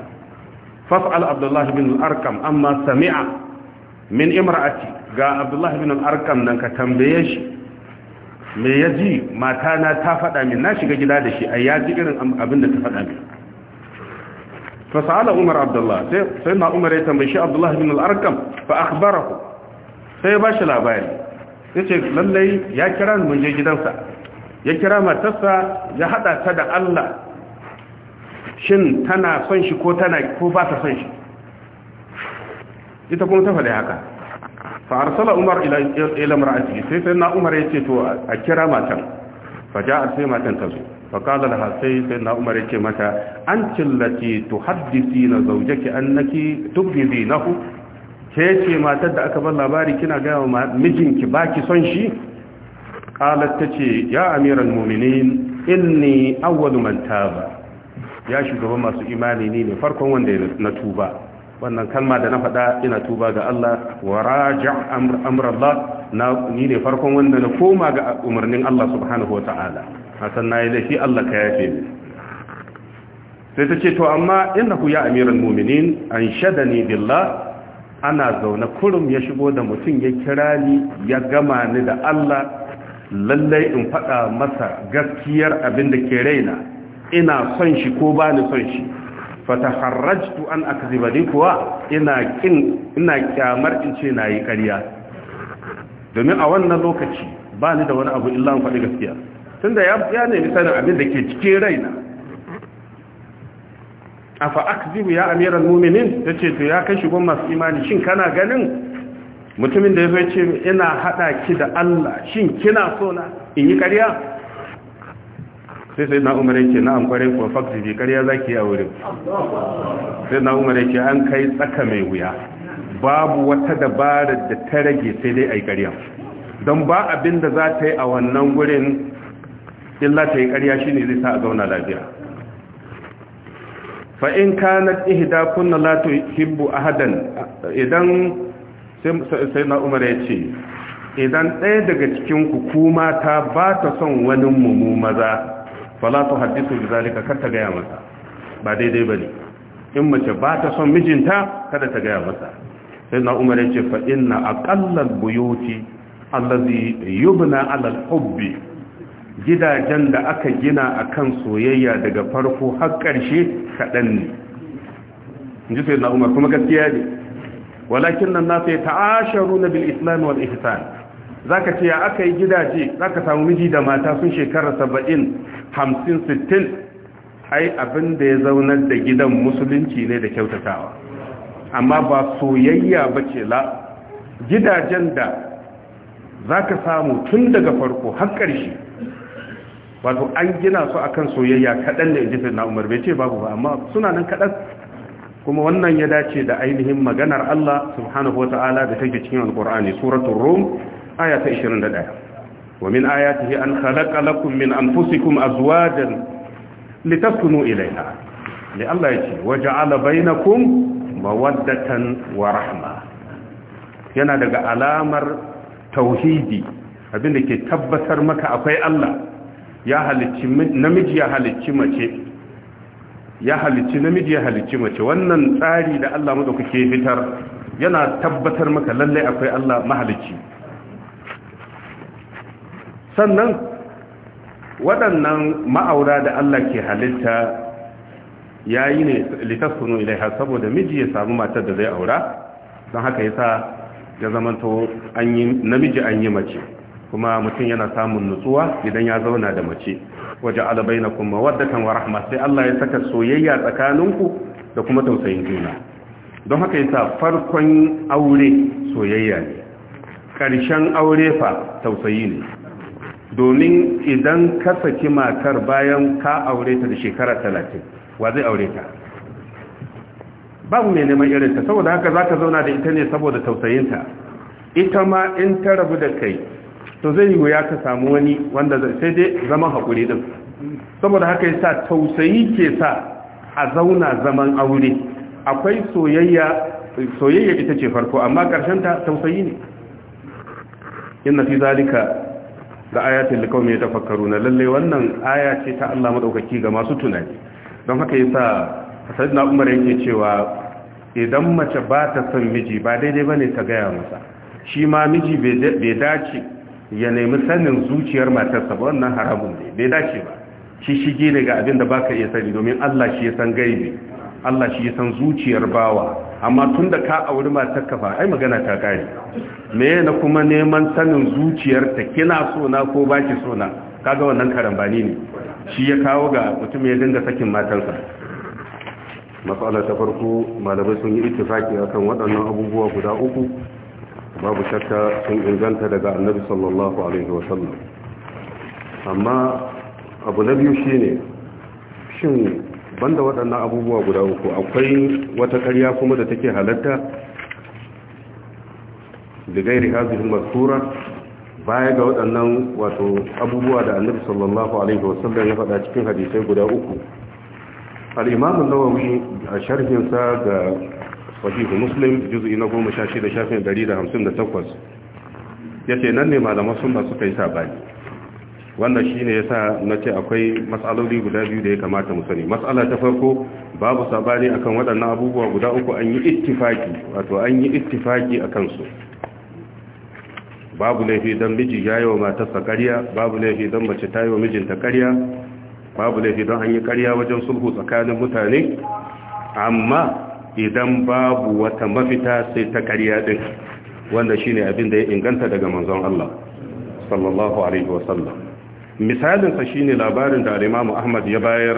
fas'al abdullahi bin al-arkam amma sami'a min imra'ati ga abdullahi bin arkam nan ka tambaye shi me ya ji na ta faɗa min na shiga gida da shi a ya ji irin abin da ta faɗa min fasa'ala umar abdullahi sai na umar ya tambaye shi abdullahi bin arkam fa akhbarahu sai ya ba shi labari ya ce lallai ya kira mun je gidansa ya kira matarsa ya haɗa ta da allah shin tana son shi ko tana ko ba ta son shi ita kuma ta faɗi haka فأرسل عمر إلى إلى امرأته سيدنا عمر يتيتو أكرا ماتن فجاءت سي ماتن تزو فقال لها سيدنا عمر يتي متى أنت التي تحدثين زوجك أنك تبذينه كيتي ما تدى أكبر لباري كنا قاوة مجنك باكي صنشي قالت تتي يا أمير المؤمنين إني أول من تاب يا شكرا ما سو إيماني نيني فرقا وندي نتوبا wannan kalma da na faɗa ina tuba ga Allah wa raja amrallah na ni ne farkon wanda na koma ga umarnin Allah subhanahu wa ta'ala hasan yi laifi Allah ka yafe ni sai ta ce to amma ku ya amiran mu'minin an shadani billah ana zaune kurum ya shigo da mutum ya kira ni ya gama ni da Allah lallai in faɗa masa gaskiyar abin da ke raina ina son shi ko ba ni son shi fataharrajtu an akziba ni kuwa ina kin ina kyamar in ce nayi ƙarya domin a wannan lokaci ba ni da wani abu illa an faɗi gaskiya tunda ya ya nemi sanin abin da ke cikin raina afa akzibu ya amiral mu'minin tace to ya kai shigon masu imani shin kana ganin mutumin da ya ce ina hada ki da Allah shin kina so na in yi ƙarya sai sai na umar yake na amkware kuwa fakti bi karya za ki yi a wurin sai na umar yake an kai tsaka mai wuya babu wata dabarar da ta rage sai dai a yi karya don ba abin da za ta yi a wannan wurin illa ta yi karya shi ne zai sa a zauna lafiya fa'in kanat ihda kunna la tuhibbu ahadan idan sai na umar ya ce idan ɗaya daga cikin ku ta ba ta son wani mummu maza fala tu hadithu zalika karta ta gaya masa ba daidai bane in mace ba ta son mijinta kada ta gaya masa sai na umar yace fa inna aqallal buyuti allazi yubna ala hubbi gidajen da aka gina akan soyayya daga farko har karshe kaɗan ne inji sai na umar kuma gaskiya ne walakin nan nasu ta'asharuna bil islam wal ihsan zaka ce ya aka yi gidaje zaka samu miji da mata sun shekara 70 hamsin, sittin. ai abin da ya zaunar da gidan musulunci ne da kyautatawa amma ba soyayya ba ce la gidajen da zaka samu tun daga farko har ƙarshe wato an gina su akan soyayya kaɗan da inji na umar bai ce babu ba amma suna nan kaɗan kuma wannan ya dace da ainihin maganar Allah subhanahu wa ta'ala da take cikin alkur'ani suratul rum aya ta 21 wa min ayatihi an khalaqa lakum min anfusikum azwajan litaskunu ilayha li Allah yace waja'ala bainakum mawaddatan wa rahma yana daga alamar tauhidi abinda ke tabbatar maka akwai Allah ya halicci namiji ya halicci mace ya halicci namiji ya halicci mace wannan tsari da Allah kuke fitar yana tabbatar maka lallai akwai Allah mahalicci sannan waɗannan ma'aura da Allah ke halitta ya yi ne litasunu ilaiha saboda miji ya samu matar da zai aura don haka yasa ya zamanto an yi namiji an yi mace kuma mutum yana samun nutsuwa idan ya zauna da mace waje alabai na kuma waddatan wa rahma sai Allah ya saka soyayya tsakaninku da kuma tausayin juna don haka ya sa farkon aure soyayya ne ƙarshen aure fa tausayi ne domin idan ka saki matar bayan ka aure ta da shekara talatin wa zai aure ta babu mai neman ta saboda haka za ka zauna da ita ne saboda tausayinta ita ma in ta rabu da kai to zai yiwu ya ka samu wani wanda sai dai zaman haƙuri din saboda haka yasa tausayi ke sa a zauna zaman aure akwai soyayya soyayya ita ce farko amma ƙarshen ta tausayi ne inna fi zalika da ayatin da kawai na lalle wannan aya ce ta Allah madaukaki ga masu tunani don haka yasa sayyidina Umar yake cewa idan mace ba ta son miji ba daidai bane ta gaya masa shi ma miji bai dace ya nemi sanin zuciyar matarsa ba wannan haramun ne bai dace ba shi shige ne ga abin da baka iya sani domin Allah shi ya san gaibi Allah shi ya san zuciyar bawa amma tun da ka auri matar ka ai magana ta kare me na kuma neman sanin zuciyarta kina so na ko ki so na kaga wannan karambani ne shi ya kawo ga mutum ya dinga sakin matarsa matsala ta farko malamai sun yi ittifaki akan waɗannan abubuwa guda uku babu shakka sun inganta daga annabi sallallahu alaihi sallam amma abu na biyu shine shin banda waɗannan abubuwa guda uku akwai wata ƙarya kuma da take halatta da gairi hazihin masura baya ga waɗannan wato abubuwa da annabi sallallahu alaihi wasallam ya faɗa cikin hadisai guda uku al-imam an-nawawi a sharhin sa ga sahih muslim juz'i na 16 shafin 158 yace nan ne malaman sunna suka yi sabani wannan shine yasa nace akwai matsaloli guda biyu da ya kamata mu sani matsala ta farko babu sabani akan waɗannan abubuwa guda uku an yi ittifaki wato an yi ittifaki akan su babu laifi dan miji yayi wa matarsa ƙarya babu laifi dan mace ta yi wa mijinta ƙarya babu laifi don an yi ƙarya wajen sulhu tsakanin mutane amma idan babu wata mafita sai ta ƙarya din wanda shine abin da ya inganta daga manzon Allah sallallahu alaihi wasallam misalinsa shine labarin da al'imamu ahmad ya bayar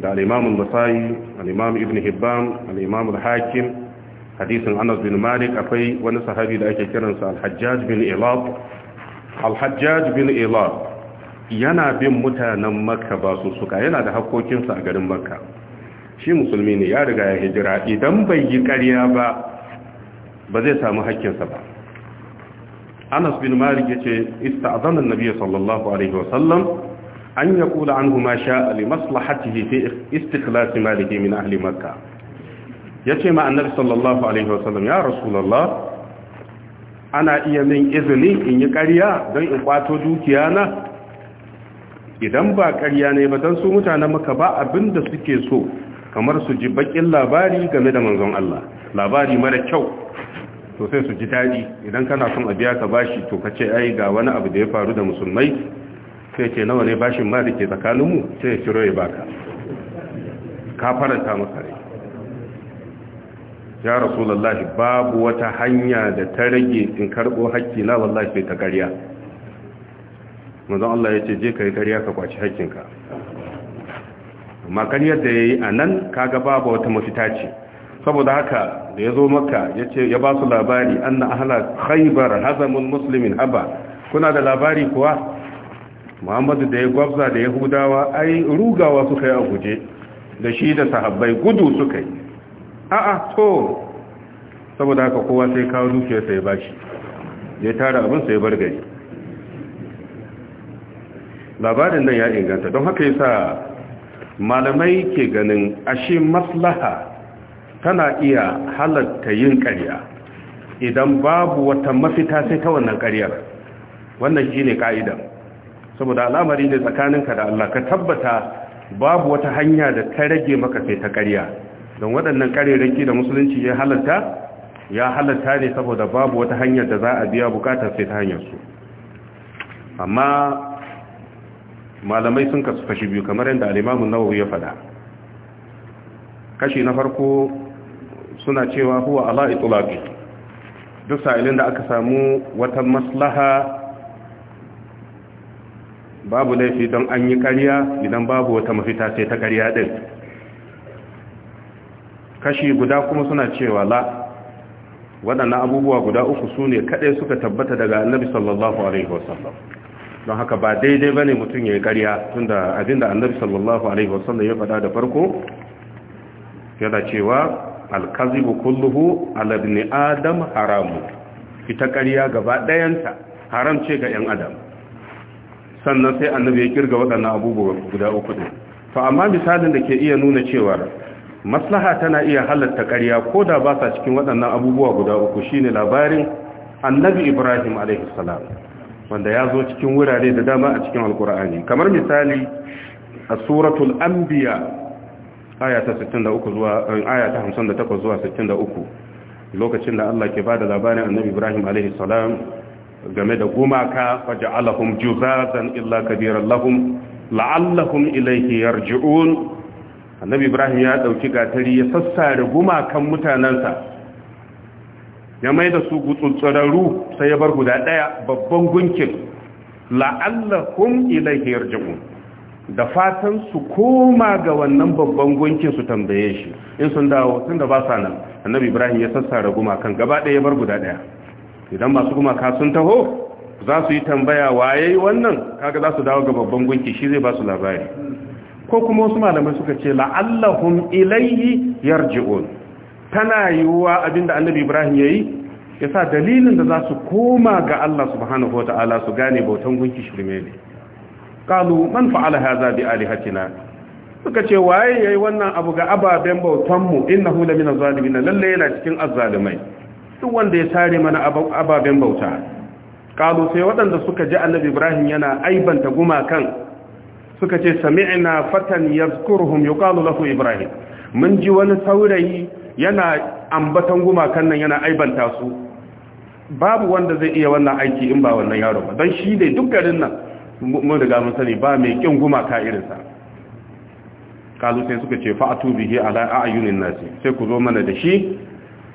da al'imamun Masayi, al'imamu ibn hibban al'imamun hakim hadisin anas bin malik akwai wani sahabi da ake kiransa alhajjaj bin ilab alhajjaj bin ilab yana bin mutanen makka ba su suka yana da hakokinsa a garin makka shi musulmi ne ya riga ya hijira idan bai yi karya ba ba zai samu hakkinsa ba anas bin malik yace ista'zana an-nabiy sallallahu alaihi wa sallam an ya kula ma sha'a li maslahatihi fi istikhlas malihi min ahli makkah yace ma annabi sallallahu alaihi wa sallam ya rasulullah ana iya min izini in yi ƙarya don in kwato dukiya na idan ba ƙarya ne ba don su mutanen maka ba abin da suke so kamar su ji baƙin labari game da manzon Allah labari mara kyau to sai su ji daɗi idan kana son a biya ka bashi to ka ce ai ga wani abu da ya faru da musulmai sai ce nawa ne bashin ma da ke tsakaninmu sai ya ciro ya baka ka faranta masa rai ya rasulullahi babu wata hanya da ta rage in karbo hakki na wallahi sai ta ƙarya manzon Allah ya ce je ka yi ƙarya ka kwaci haƙƙinka amma ƙaryar da yayi yi a nan kaga babu wata mafita ce saboda haka da ya zo makka ya ce ya ba su labari anna ahala haibar hazamun musulmin haba kuna da labari kuwa muhammadu da ya gwabza da yahudawa ai rugawa suka yi a guje da shi da sahabbai gudu suka yi a'a to saboda haka kowa sai kawo dukiyar sai ba shi ya tara abin sai bar gari labarin nan ya inganta don haka yasa malamai ke ganin ashe maslaha tana iya halatta yin ƙarya idan babu wata mafita sai ta wannan ƙaryar wannan shi ne ƙa'idan saboda al'amari ne tsakaninka da Allah ka tabbata babu wata hanya da ta rage maka sai ta ƙarya don waɗannan ƙarerake da musulunci ya halatta ya halatta ne saboda babu wata hanyar da za a biya bukatar sai ta hanyar su amma malamai sun kasu fashi biyu kamar yadda al'imamun nawa ya faɗa kashi na farko suna cewa huwa ala itulaki duk sa'ilin da aka samu wata maslaha babu laifi don an yi karya idan babu wata mafita sai ta karya ɗin kashi guda kuma suna cewa la waɗannan abubuwa guda uku su ne kaɗai suka tabbata daga annabi sallallahu alaihi wasallam don haka ba daidai ba ne mutum ya yi karya tun da abinda annabi sallallahu alaihi wasallam ya faɗa da farko yana cewa alkazibu kulluhu ala ibn adam haramu ita ƙarya gaba ɗayanta haram ce ga 'yan adam sannan sai annabi ya kirga waɗannan abubuwa guda uku ɗin fa amma misalin da ke iya nuna cewa maslaha tana iya halatta ƙarya ko da ba sa cikin waɗannan abubuwa guda uku shine labarin annabi ibrahim salam wanda ya zo cikin wurare da dama a cikin alkur'ani kamar misali a suratul anbiya aya ta 63 zuwa eh, aya ta 58 zuwa 63 lokacin da Allah ke ba da labarin Annabi Ibrahim alaihi salam game da gumaka faj'alahum juzazan illa kabiran lahum la'allahum ya ji'un. Annabi Ibrahim ya ɗauki gatari ya sassare gumakan mutanensa ya mai da su gutsutsararru sai ya bar guda ɗaya babban gunkin la'allahum ya ji'un. da fatan su koma ga wannan babban gunkin su tambaye shi in sun dawo tun da ba sa nan annabi ibrahim ya sassara gumakan gaba ɗaya bar guda ɗaya idan masu gumaka sun taho za su yi tambaya waye wannan kaga za su dawo ga babban gunki shi zai ba su labari ko kuma wasu malamai suka ce la'allahum ilayhi yarji'un tana yiwuwa abinda annabi ibrahim yayi yasa dalilin da za su koma ga Allah subhanahu wataala su gane bautan gunki shirme ne Kalu man fa'ala hadha bi alihatina suka ce waye yayi wannan abu ga ababen bautan mu innahu la min zalimin lalle yana cikin azzalimai duk wanda ya sare mana ababen bauta kalu sai waɗanda suka ji annabi ibrahim yana aibanta gumakan suka ce sami'na fatan yazkuruhum yuqalu lahu ibrahim mun ji wani saurayi yana ambatan gumakan nan yana aibanta su babu wanda zai iya wannan aiki in ba wannan yaro ba dan shi ne duk garin nan mun riga mun sani ba mai kin gumaka irinsa kalu sai suka ce fa'atu bihi ala a'yunin nasi sai ku zo mana da shi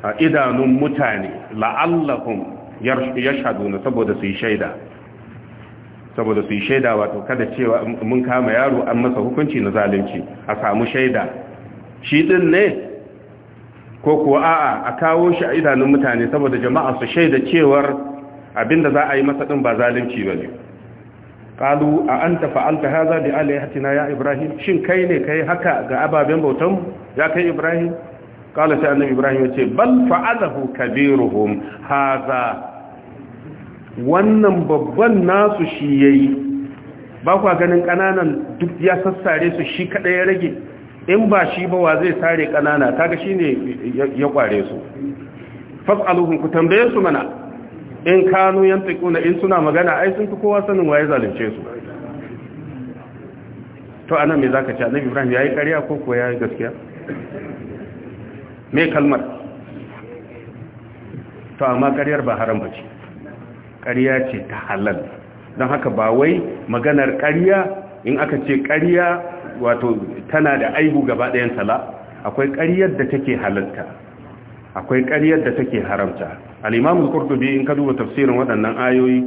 a idanun mutane la'allahum yashhaduna saboda su yi shaida saboda su yi shaida wato kada cewa mun kama yaro an masa hukunci na zalunci a samu shaida shi din ne ko kuwa a'a a kawo shi a idanun mutane saboda jama'a su shaida cewar abinda za a yi masa din ba zalunci bane qalu a anta fa'alta hadha bi alihatina ya ibrahim shin kai ne kai haka ga ababen bautan ya kai ibrahim qala sai annabi ibrahim yace bal fa'alahu kabiruhum hadha wannan babban nasu shi yayi ba kwa ganin kananan duk ya sassare su shi kada ya rage in ba shi ba wa zai sare kanana kaga shine ya kware su fas'aluhum ku tambaye su mana in kanu yantiquna in suna magana ai sun fi kowa sanin waye zalunce su to anan me zaka ce annabi Ibrahim yayi ƙarya ko kuwa yayi gaskiya me kalmar to amma ƙaryar ba haram bace ƙarya ce ta halal don haka ba wai maganar ƙarya in aka ce ƙarya wato tana da aibu gaba ɗayan sala akwai ƙaryar da take halalta akwai ƙaryar da take haramta Alimamu imam al in ka duba tafsirin waɗannan ayoyi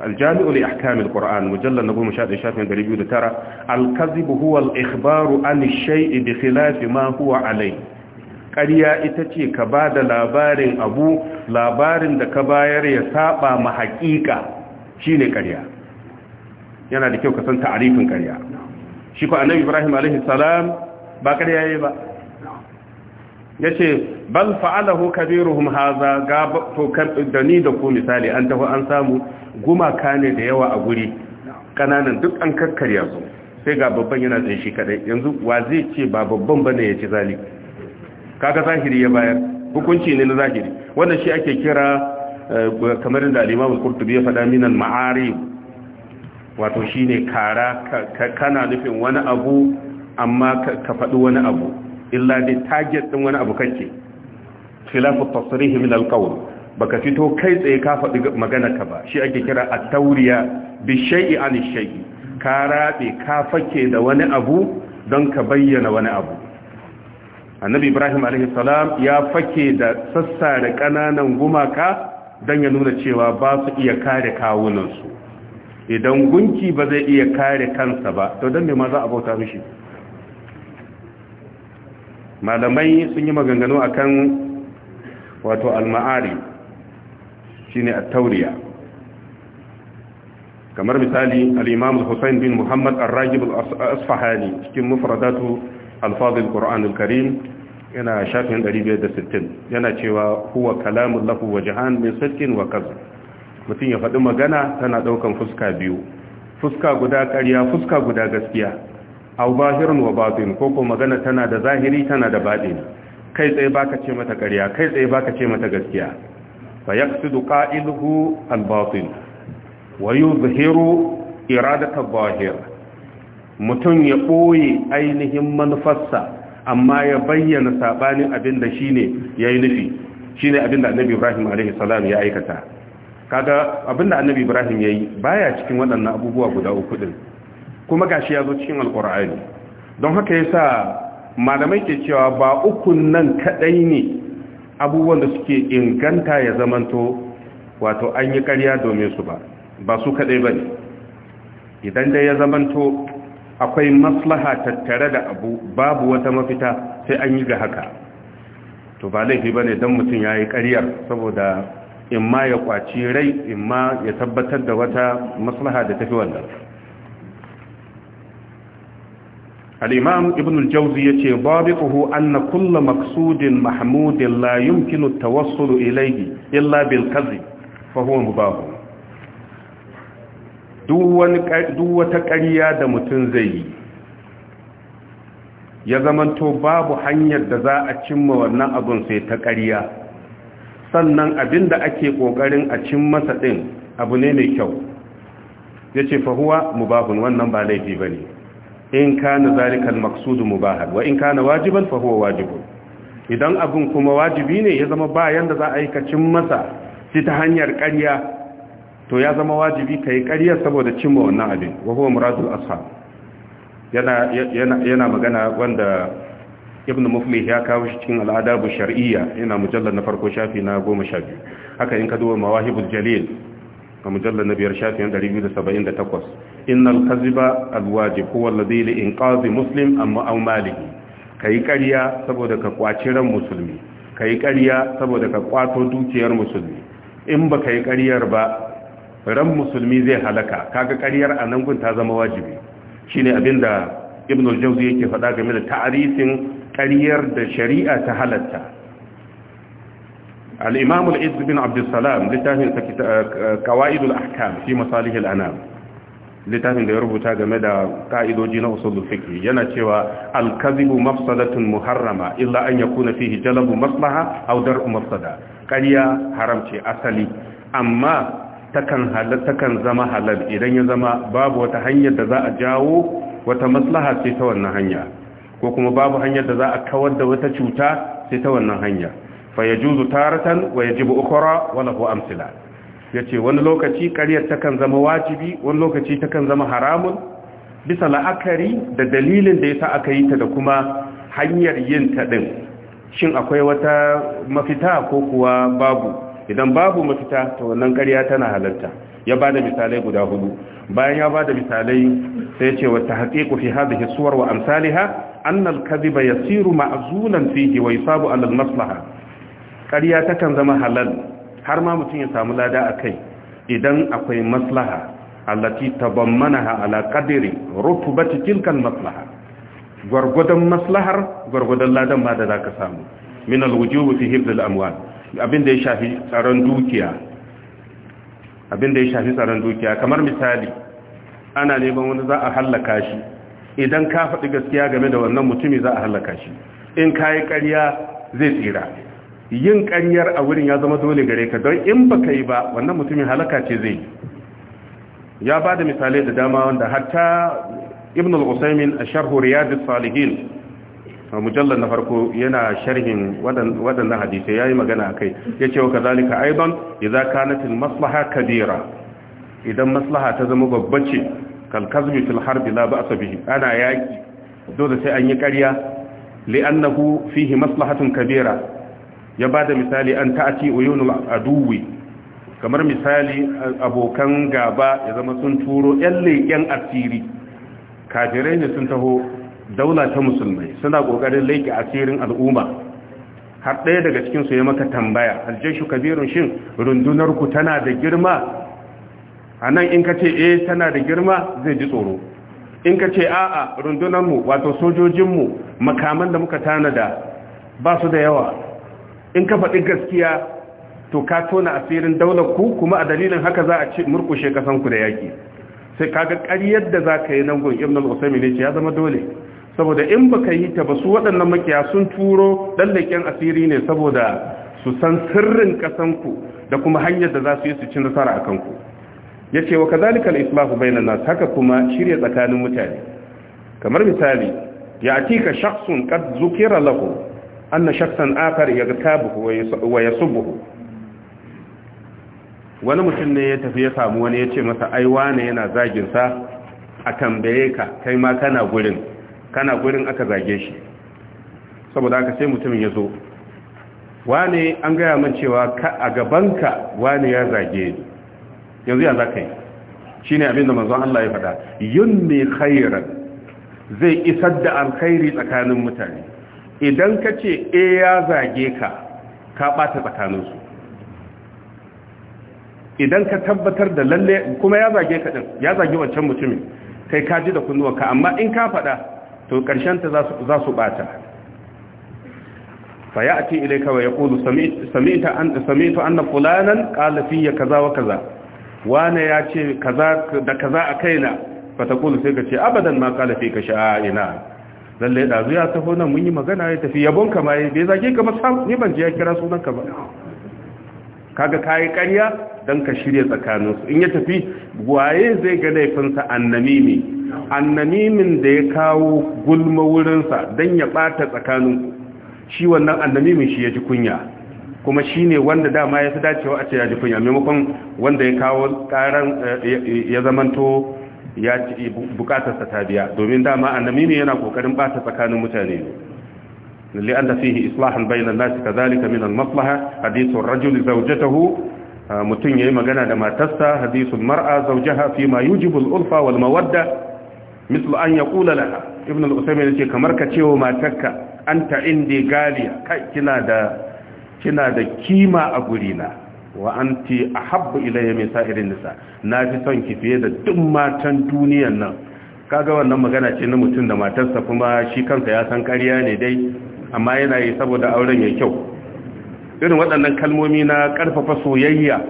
الجامع لأحكام القرآن مجلد نبو مشاهد الشافعي بريبيو ترى الكذب هو الإخبار عن الشيء بخلاف Ma huwa Alai ƙarya ita ce ka ba da labarin abu labarin da ka bayar ya saba ma haƙiƙa shi ne ƙarya yana da kyau ka san ta'arifin karya shi ko annabi ibrahim alaihi salam ba ya yi ba yace bal fa'alahu kabiruhum haza ga to da ni da ku misali an tafi an samu gumaka ne da yawa a guri kananan duk an kakkarya su sai ga babban yana tsaye shi kadai yanzu wa zai ce ba babban bane ya ci zali kaga zahiri ya bayar hukunci ne na zahiri wannan shi ake kira eh, kamar da al-Imam ya faɗa minan ma'ari wato shine kara kana nufin wani abu amma ka faɗi wani abu illa dai target din wani abu kake khilafu tasrihi min alqawl baka fito kai tsaye ka faɗi magana ka ba shi ake kira at-tawriya bi shay'i an shay'i ka rabe ka fake da wani abu don ka bayyana wani abu annabi ibrahim alaihi salam ya fake da sassare kananan gumaka don ya nuna cewa ba su iya kare kawunansu idan gunki ba zai iya kare kansa ba to don me ma za a bauta mishi malamai sun yi maganganu akan wato alma'ari maari shine at kamar misali al-imam bin muhammad al-Ragib al-asfahani cikin mufradatu al-fadil qur'an al-karim yana shafin 560 yana cewa huwa kalamun lahu wajhan min sarkin wa kadhib mutum ya faɗi magana tana ɗaukan fuska biyu fuska guda ƙarya fuska guda gaskiya au zahirun wa batin ko magana tana da zahiri tana da batin kai tsaye baka ce mata ƙarya kai tsaye baka ce mata gaskiya fa yaqsidu qa'iluhu al-batin wa yuzhiru iradat al-zahir mutun ya boye ainihin manufarsa amma ya bayyana sabanin abinda shine yayi nufi shine abinda Annabi Ibrahim alaihi salam ya aikata kaga abinda Annabi Ibrahim yayi baya cikin waɗannan abubuwa guda uku din kuma gashi ya zo cikin alkur'ani don haka yasa malamai ke cewa ba ukun nan kadai ne abubuwan da suke inganta ya zamanto wato an yi ƙarya domin su ba ba su kadai ba ne idan dai ya zamanto akwai maslaha tattare da abu babu wata mafita sai an yi ga haka to ba laifi ba ne don mutum ya yi karyar saboda in ma ya kwaci rai in ma ya tabbatar da wata maslaha da tafi wannan al-imam ibn al-jawzi yace babituhu anna kullu maqsudin mahmudin la yumkinu at-tawassul ilayhi illa bil kadhib fa huwa mubah duk wata ƙarya da mutum zai yi ya zamanto babu hanyar da za a cimma wannan abun sai ta ƙarya sannan abinda da ake ƙoƙarin a cin masa ɗin abu ne mai kyau ya ce fahuwa mubahun wannan ba laifi ba ne in kana zalikal maqsudu mubahan wa in kana wajiban fa huwa wajibun idan abun kuma wajibi ne ya zama ba yanda za a yi kacin masa shi ta hanyar ƙarya to ya zama wajibi kai ƙarya saboda cimma wannan abin wa huwa muradul ashab yana yana yana magana wanda ibn muflih ya kawo shi cikin al'adabu shar'iyya ina mujallar na farko shafi na 12 haka in ka duba mawahibul jalil a mujallar na biyar shafi 278 innal kaziba alwajib da alladhi li inqazi muslim amma aw malihi kai karya saboda ka kwaci ran musulmi kai ƙarya saboda ka kwato dukiyar musulmi in ba yi karyar ba ran musulmi zai halaka kaga ƙaryar anan gun ta zama wajibi shine abinda ibn al-jawzi yake faɗa game da ta'arifin karyar da shari'a ta halatta al-imam al-izz bin abd littafin kawaid al-ahkam fi masalih ana. littafin da ya rubuta game da ka'idoji na usulul fikri yana cewa al-kadhibu mafsadatun muharrama illa an yakuna fihi jalabu maslaha aw dar'u mafsada ƙarya haramce asali amma takan zama halal idan ya zama babu wata hanyar da za a jawo wata maslaha sai ta wannan hanya ko kuma babu hanyar da za a kawar da wata cuta sai ta wannan hanya fa yajuzu taratan wa yajibu ukhra wa lahu amsila ya ce wani lokaci ƙaryar takan zama wajibi wani lokaci takan zama haramun bisa la'akari da dalilin da ya sa aka yi ta da kuma hanyar yin ta ɗin shin akwai wata mafita ko kuwa babu idan babu mafita ta wannan ƙarya tana halarta ya ba da misalai guda hudu bayan ya ba da misalai sai ce wata haƙiƙu fi hadhihi suwar wa amsaliha annal kadhiba yasiru ma'zulan fihi wa yusabu alal maslaha ƙarya takan zama halal har ma mutum ya samu lada a kai idan akwai maslaha allati tabammanaha ala qadri rutbati kan maslaha gwargwadon maslahar gwargwadon ladan ma da zaka samu min alwujubi fi hifz amwal abinda ya shafi tsaron dukiya ya shafi tsaron dukiya kamar misali ana neman wani za a hallaka shi idan ka faɗi gaskiya game da wannan mutumi za a hallaka shi in ka yi ƙarya zai tsira yin ƙanyar a wurin ya zama dole gare ka don in ba ka yi ba wannan mutumin halaka ce zai yi ya ba da misalai da dama wanda hatta ibn al-usaimin a sharhu riyadus salihin a mujallar na farko yana sharhin waɗannan hadisai ya yi magana a kai ya ce wa kazalika aiban idza kanatil maslaha kabira idan maslaha ta zama babba ce kalkazmi fil harbi la ba'sa bihi ana yaki dole sai an yi ƙarya li'annahu fihi maslahatun kabira ya ba da misali an ta'ati uyunul aduwi kamar misali abokan gaba ya zama sun turo yan leƙen asiri kafirai ne sun taho daula ta musulmai suna ƙoƙarin leƙe asirin al'umma har ɗaya daga cikinsu ya maka tambaya aljashu kabirun shin rundunarku tana da girma a nan in ka ce e tana da girma zai ji tsoro in ka ce a'a rundunarmu wato sojojinmu makaman da muka tanada ba su da yawa in ka faɗi gaskiya to ka tona asirin daular ku kuma a dalilin haka za a ci murkushe kasan ku da yaki sai kaga ƙaryar da za ka yi nan gun ibn al-usaymi ne ce ya zama dole saboda in baka yi ta ba su waɗannan makiya sun turo dallaken asiri ne saboda su san sirrin kasan ku da kuma hanyar da za su yi su ci nasara akan ku yace wa kadhalika al-islahu bainan nas haka kuma shirya tsakanin mutane kamar misali ya atika shakhsun qad zukira lahu أن شخصا آخر يغتابه wa wani mutum ne ya tafi ya samu wani ya ce masa ai wane yana zagin sa a tambaye ka kai ma kana gurin kana gurin aka zage shi saboda haka sai mutumin ya zo wane an gaya min cewa a gabanka wane ya zage yanzu ya zakai yi shi ne abinda manzon Allah ya faɗa yin ne khairan zai isar da alkhairi tsakanin mutane idan ka ce e ya zage ka ka ɓata tsakaninsu idan ka tabbatar da lalle kuma ya zage ka ɗin ya zage wancan mutumin kai ka ji da ka. amma in ka faɗa to ƙarshen ta za su ɓata fa ya ce ilai kawai ya ƙudu sami ta annan fulanan ƙalafi ya kaza wa kaza wane ya ce da kaza a kaina fa ta ƙudu sai ka ce abadan ma ƙalafi ka sha'a'ina lalle dazu ya taho nan mun yi magana ya tafi yabon ka ma bai zage kama sam ni ban je ya kira sunan ka kaga yi ƙarya don ka shirya tsakanin su in ya tafi waye zai ga laifin annamimi annamimin da ya kawo gulma wurinsa don ya bata tsakanin ku shi wannan annamimin shi ya ji kunya kuma shi ne wanda dama ya fi dacewa a ce ya ji kunya maimakon wanda ya kawo karan eh, ya zamanto ya ci bukatar sa tabiya domin dama annabi ne yana kokarin ba tsakanin mutane ne li anna fihi islahan bainan nas kadhalika min al-maslaha zauje ar-rajul zawjatahu mutun yayi magana da matarsa hadith mara zauje fi ma yujibu al-ulfa wal-mawadda mithlu an yaqula laha ibn al-usaymin yace kamar ka wa matarka anta indi galiya kai kina da kima a guri na. wa anti ahabbu ilayya min irin nisa na fi son ki fiye da duk matan duniyar nan kaga wannan magana ce na mutum da matarsa kuma shi kansa ya san ƙarya ne dai amma yana yi saboda auren ya kyau irin waɗannan kalmomi na ƙarfafa soyayya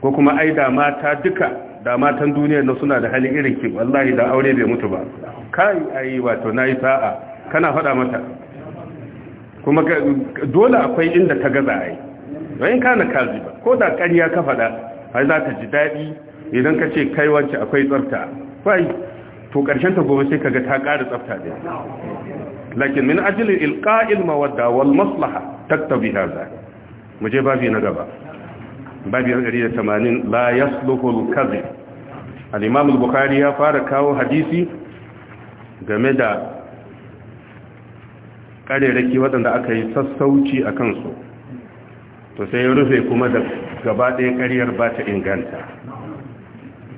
ko kuma ai da mata duka da matan duniyar nan suna da hali irin ki wallahi da aure bai mutu ba kai ai wato nayi sa'a kana faɗa mata kuma dole akwai inda ta gaza ai wayin kana ba ko da ƙarya ka faɗa ai za ka ji daɗi idan ka ce kai wacce akwai tsafta fai to ƙarshen ta gobe sai kaga ta ƙara tsafta ne lakin min ajli ilqa'il mawadda wal maslaha taktabi hadha muje babi na gaba babi 180 la yasluhu al kadhib al imam al bukhari ya fara kawo hadisi game da kare rake waɗanda aka yi sassauci a kansu to sai ya rufe kuma da gaba ɗaya ƙaryar ba ta inganta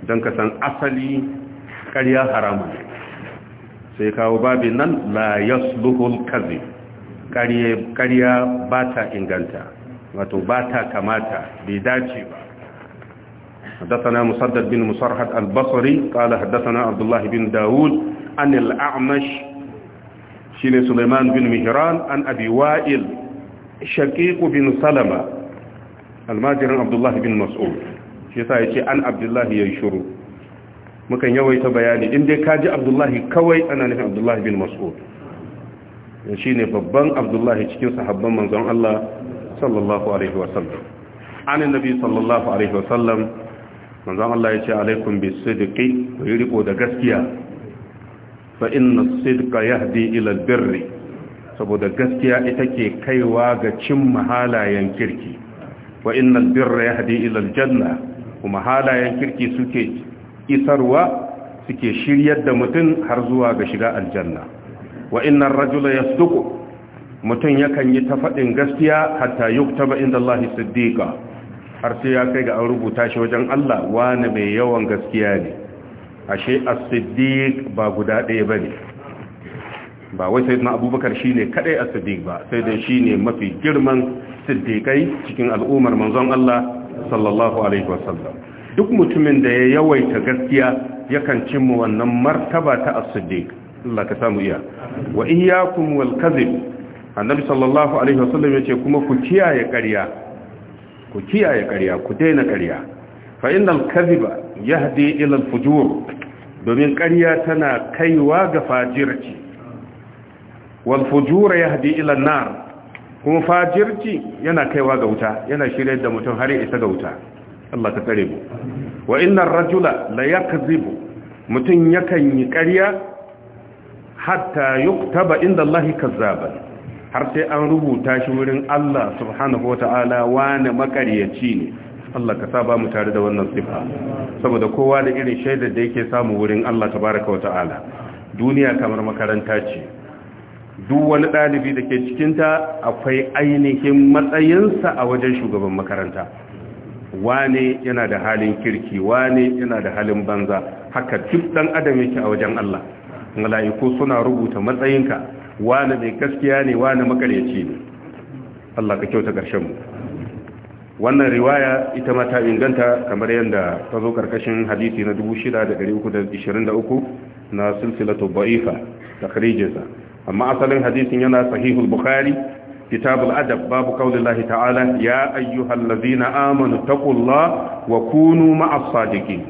don ka san asali ƙarya harama sai kawo babin nan la yasluhul kazi ƙarya ba ta inganta wato ba ta kamata bai dace ba حدثنا مسدد بن مصرحة البصري قال حدثنا عبد الله بن داود عن الأعمش شين سليمان بن مهران عن أبي وائل shaqiq bin salama almajirin Abdullahi bin mas'ud shi yasa ce an Abdullahi ya shuru mukan yawaita bayani in dai ji Abdullahi kawai ana nufin Abdullahi bin mas'ud shine babban Abdullahi cikin sahabban manzon Allah sallallahu alaihi wasallam an annabi sallallahu alaihi wasallam manzon Allah ya ce yace alaikum bisidqi ku riko da gaskiya fa inna as-sidqa yahdi ila birri saboda gaskiya ita ke kaiwa ga cin mahalayen kirki wa innal birra yahdi ila aljanna kuma halayen kirki suke isarwa suke shiryar da mutum har zuwa ga shiga aljanna wa innar rajula yasduqu mutum yakan yi ta faɗin gaskiya hatta yuktaba inda Allah siddiqa har sai ya kai ga an rubuta shi wajen Allah wani mai yawan gaskiya ne ashe as-siddiq ba guda ɗaya bane ba wai sai na abubakar shi ne kadai a siddiq ba sai dai shi ne mafi girman siddiƙai cikin al'ummar manzon Allah sallallahu alaihi wasallam duk mutumin da ya yawaita gaskiya yakan cimma wannan martaba ta as-siddiq Allah ka samu iya wa iyyakum wal kadhib annabi sallallahu alaihi wasallam yace kuma ku kiyaye ƙarya ku kiyaye ƙarya ku daina ƙarya fa innal kadhiba yahdi ila al-fujur domin ƙarya tana kaiwa ga fajirci wal fujura yahdi ilan an-nar kuma fajirci yana kaiwa ga wuta yana shirya da mutum har ya isa ga wuta Allah ta tsare mu wa innar rajula la yakzibu mutum yakan yi ƙarya hatta yuktaba inda Allah kazzaban har sai an rubuta shi wurin Allah subhanahu wataala wani makaryaci ne Allah ka saba mu tare da wannan sifa saboda kowa da irin shaidar da yake samu wurin Allah tabaraka wataala duniya kamar makaranta ce duk wani ɗalibi da ke cikinta akwai ainihin matsayinsa a wajen shugaban makaranta wane yana da halin kirki wane yana da halin banza haka duk ɗan adam yake a wajen Allah mala'iku suna rubuta matsayinka wane mai gaskiya ne wane makaryaci ne Allah ka kyauta ƙarshen mu wannan riwaya ita ma ta inganta kamar yadda ta zo ƙarƙashin hadisi na 6323 na silsilatu ba'ifa takrijinsa amma asalin hadisin yana sahihul bukhari kitabul adab babu qaulillahi ta'ala ya ayyuhallazina amanu taqullaha wa kunu ma'as sadiqin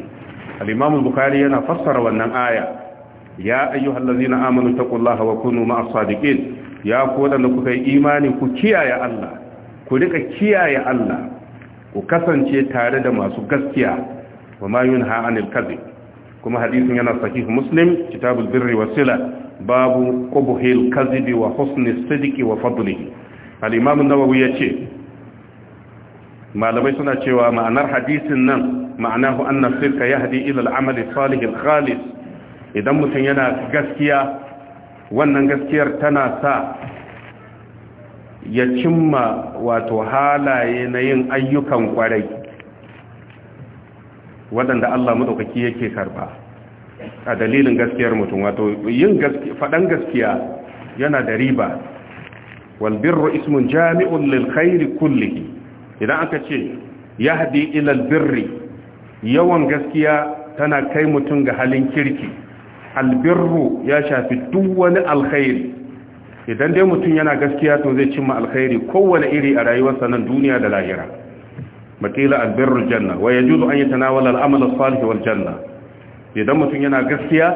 al-imam bukhari yana fassara wannan aya ya ayyuhallazina amanu taqullaha wa kunu ma'as sadiqin ya ku da kuka yi imani ku kiyaye Allah ku rika kiyaye Allah ku kasance tare da masu gaskiya wa ma yunha anil kadhib kuma hadisin yana sahih muslim kitabul birri wasila babu qubuhil kazibi wa husni sidqi wa fadlihi al-imam an-nawawi yace malamai suna cewa ma'anar hadisin nan ma'anahu anna sirka yahdi ila al-amal salih al-khalis idan mutum yana gaskiya wannan gaskiyar tana sa ya cimma wato halaye na yin ayyukan kwarai waɗanda Allah maɗaukaki yake karba a dalilin gaskiyar mutum wato yin faɗan gaskiya yana da riba walbirru birru ismun jami'un lil khairi kullihi idan aka ce yahdi ila ilal birri yawan gaskiya tana kai mutum ga halin kirki albirru ya shafi duk wani alkhairi idan dai mutum yana gaskiya to zai cimma alkhairi kowane iri a rayuwarsa nan duniya da lahira makila albirru janna wa yajuzu an yi al al'amala as wal janna idan mutum yana gaskiya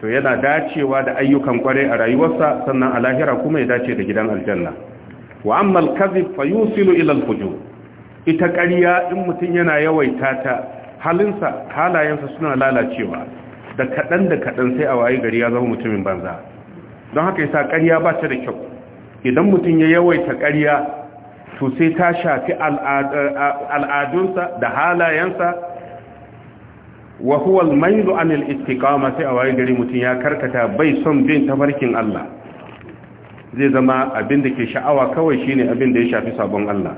to yana dacewa da ayyukan kwarai a rayuwarsa sannan a lahira kuma ya dace da gidan aljanna wa amma al-kadhib fa yusilu ila al-fujur ita ƙarya in mutum yana yawaita ta halinsa halayensa suna lalacewa da kaɗan da kaɗan sai a waye gari ya zama mutumin banza don haka yasa ƙarya ba ta da kyau idan mutum ya yawaita ƙarya to sai ta shafi al'adunsa da halayensa wa huwa al-mailu anil istiqama sai a waye gari mutun ya karkata bai son bin tafarkin Allah zai zama abin da ke sha'awa kawai shine abin da ya shafi sabon Allah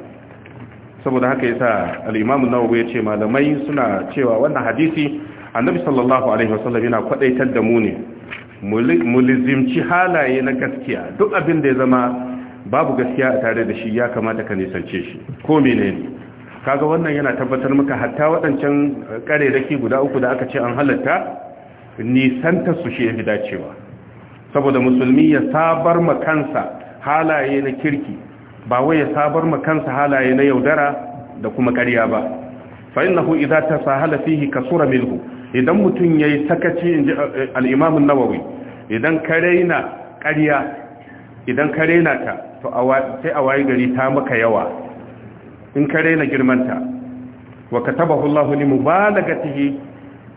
saboda haka yasa al-Imam an-Nawawi ya ce malamai suna cewa wannan hadisi annabi sallallahu alaihi wasallam yana kwadaitar da mu ne mulizimci halaye na gaskiya duk abin da ya zama babu gaskiya a tare da shi ya kamata ka nisance shi ko menene kaga wannan yana tabbatar maka hatta waɗancan ƙarerake guda uku da aka ce an halatta nisanta su shi ya fi dacewa saboda musulmi ya sabar makansa halaye na kirki ba wai ya sabar kansa halaye na yaudara da kuma ƙarya ba fa innahu idza tasahala fihi kasura minhu idan mutun yayi sakaci inji eh, eh, al-imam an-nawawi idan karaina ƙarya idan karaina ta to sai a wayi gari ta maka yawa in ka raina girmanta wa katabahu Allah li mubalagatihi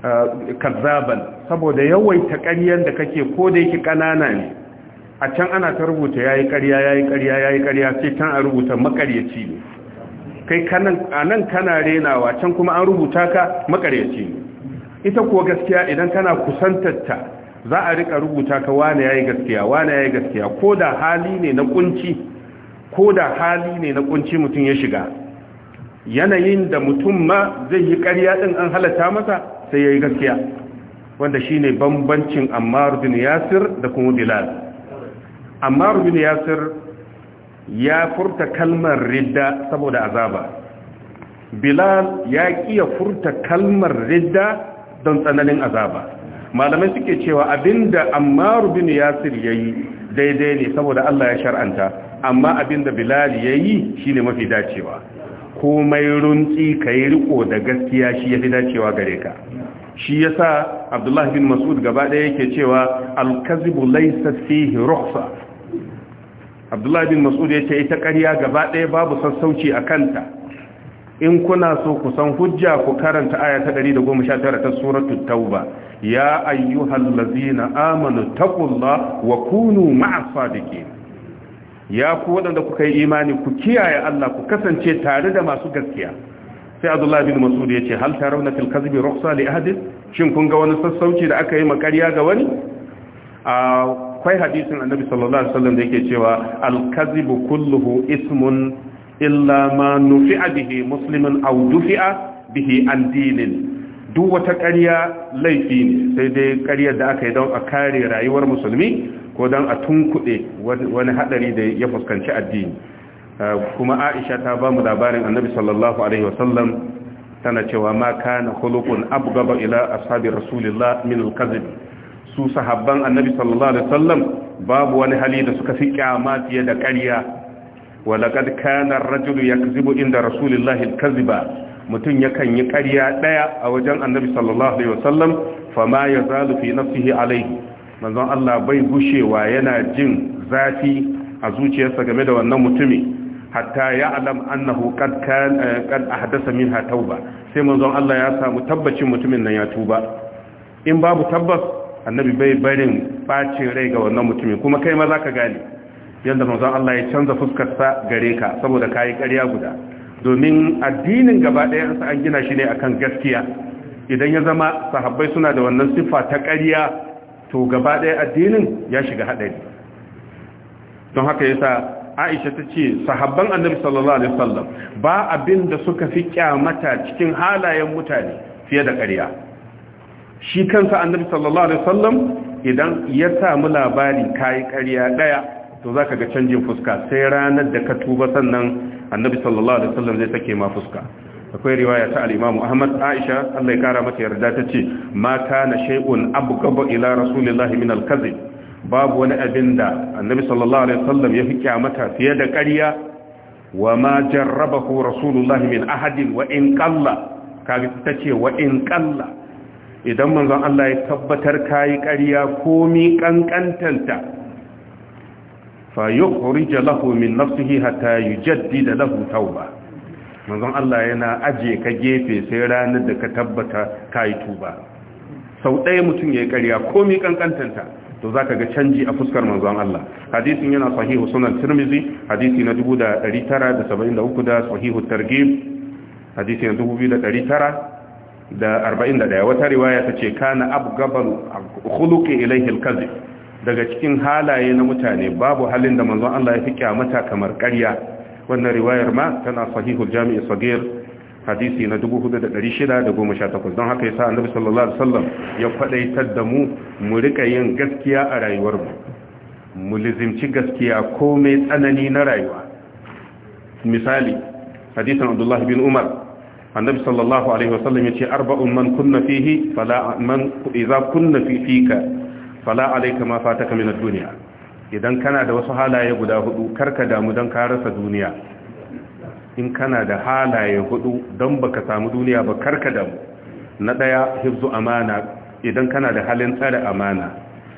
uh, kazzaban saboda yawaita ƙaryan da kake ko da yake ƙanana ne a can ana ta rubuta yayi ƙarya yayi ƙarya yayi ƙarya sai can a rubuta makaryaci ne kai kanan anan kana renawa can kuma an rubuta ka makaryaci ne ita kuwa gaskiya idan kana kusantatta, za a rika rubuta ka wane yayi gaskiya wane yayi gaskiya ko da hali ne na kunci ko da hali ne na kunci mutum ya shiga yanayin da mutum ma zai yi ƙarya ɗin an halatta masa sai ya yi gaskiya wanda shi ne bambancin ammar bin yasir da kuma bilal ammar bin yasir ya furta kalmar ridda saboda azaba bilal ya ƙiya furta kalmar ridda don tsananin azaba malamai suke cewa abinda ammar bin yasir ya yi daidai ne saboda allah ya shar'anta amma abinda bilal ya yi shi ne mafi dacewa komai runtsi ka yi riko da gaskiya shi ya fi dacewa gare ka shi ya sa abdullahi bin masud gaba ɗaya yake cewa alkazibu laisa fihi ruhsa abdullahi bin masud ya ce ita ƙarya gaba ɗaya babu sassauci a kanta in kuna so ku san hujja ku karanta aya ta ɗari 119 ta suratu tauba ya ayyuhallazina amanu taqullaha wa kunu ma'as sadiqin ya ku waɗanda kuka yi imani ku kiyaye Allah ku kasance tare da masu gaskiya sai Abdullah bin Mas'ud yace hal tarawna fil kadhibi Ruksa li ahad shin kun ga wani sassauci da aka yi makariya ga wani akwai hadisin Annabi sallallahu alaihi wasallam da yake cewa al kadhibu kulluhu ismun illa ma nufi'a bihi musliman aw dufi'a bihi an dinin duk wata ƙarya laifi ne sai dai ƙarya da aka yi don a kare rayuwar musulmi ko don a tunkuɗe wani haɗari da ya fuskanci addini uh, kuma aisha ta ba mu labarin annabi sallallahu alaihi wasallam tana cewa ma kana khuluqun abgaba ila ashabi rasulillah min al-kadhib su sahabban annabi sallallahu alaihi wasallam babu wani hali da suka fi kyama fiye da ƙarya walaqad kana ar-rajulu yakzibu inda rasulillahi al-kadhiba mutun yakan yi ƙarya daya a wajen annabi sallallahu alaihi wasallam fama yazalu fi nafsihi alaihi manzon Allah bai gushewa yana jin zafi a zuciyarsa game da wannan mutumin hatta ya alam annahu qad kan eh, qad ahdasa minha tauba sai manzon Allah ya samu tabbacin mutumin nan ya tuba in babu tabbas annabi bai barin bacin rai ga wannan mutumin kuma kai ma zaka gane yanda manzon Allah ya canza fuskar sa gare ka saboda kai ƙarya guda domin addinin gaba ɗaya an gina shi ne akan gaskiya idan ya zama sahabbai suna da wannan siffa ta ƙarya to gaba ɗaya addinin ya shiga haɗari don haka yasa aisha ta ce sahabban annabi sallallahu alaihi wasallam ba abin da suka fi kyamata cikin halayen mutane fiye da ƙarya shi kansa annabi sallallahu alaihi wasallam idan ya samu labari kayi ƙarya ɗaya to zaka ga canjin fuska sai ranar da ka tuba sannan annabi sallallahu alaihi wasallam zai sake ma fuska akwai riwaya ta al Ahmad Aisha Allah ya kara mata yarda ta ce ma kana shay'un abqaba ila rasulillahi min al babu wani abin da annabi sallallahu alaihi wasallam ya fi kyamata fiye da ƙarya wa ma jarrabahu rasulullahi min ahadin wa in qalla kaga ta ce wa in qalla idan manzon Allah ya tabbatar kai ƙarya mi kankantanta fa yukhrij lahu min nafsihi hatta yujaddida lahu ba. manzon Allah yana aje ka gefe sai ranar da ka tabbata ka yi tuba sau ɗaya mutum ya yi ƙarya komi ƙanƙantanta to za ka ga canji a fuskar manzon Allah hadisin yana sahihu sunan tirmizi hadisi na dubu da sahihu targib hadisi na 2941 wata riwaya ta ce kana gabal khuluqi ilayhi alkazi daga cikin halaye na mutane babu halin da manzon Allah ya fi kyamata kamar ƙarya wannan riwayar ma tana sahihul jami'i sagir hadisi na 4618 don haka yasa annabi sallallahu alaihi wasallam ya kwadaitar da mu mu rika yin gaskiya a rayuwarmu mu lizimci gaskiya komai tsanani na rayuwa misali hadisin abdullahi bin umar annabi sallallahu alaihi wasallam yace arba'un man kunna fihi fala man idza kunna fi fika fala alayka ma fataka min ad-dunya idan kana da wasu halaye guda hudu karka damu don ka rasa duniya in kana da halaye hudu don baka samu duniya ba karka damu na daya hibzu amana idan kana da halin tsare amana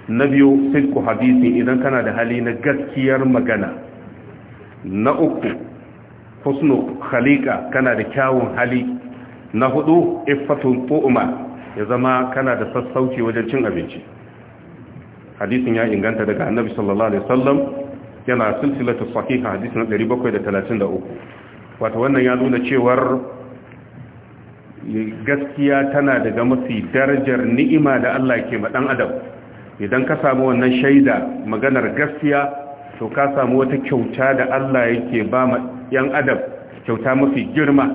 na biyu sidku hadisi idan kana da hali na gaskiyar magana na uku husnu khaliqa kana da kyawun hali na hudu iffatun tu'ma ya zama kana da sassauci wajen cin abinci hadisin ya inganta daga annabi sallallahu alaihi wasallam yana silsilatu sahiha hadisin 733 wato wannan ya nuna cewar gaskiya tana daga mafi darajar ni'ima da Allah ke ma dan adam idan ka samu wannan shaida maganar gaskiya to ka samu wata kyauta da Allah yake ba ma yan adam kyauta mafi girma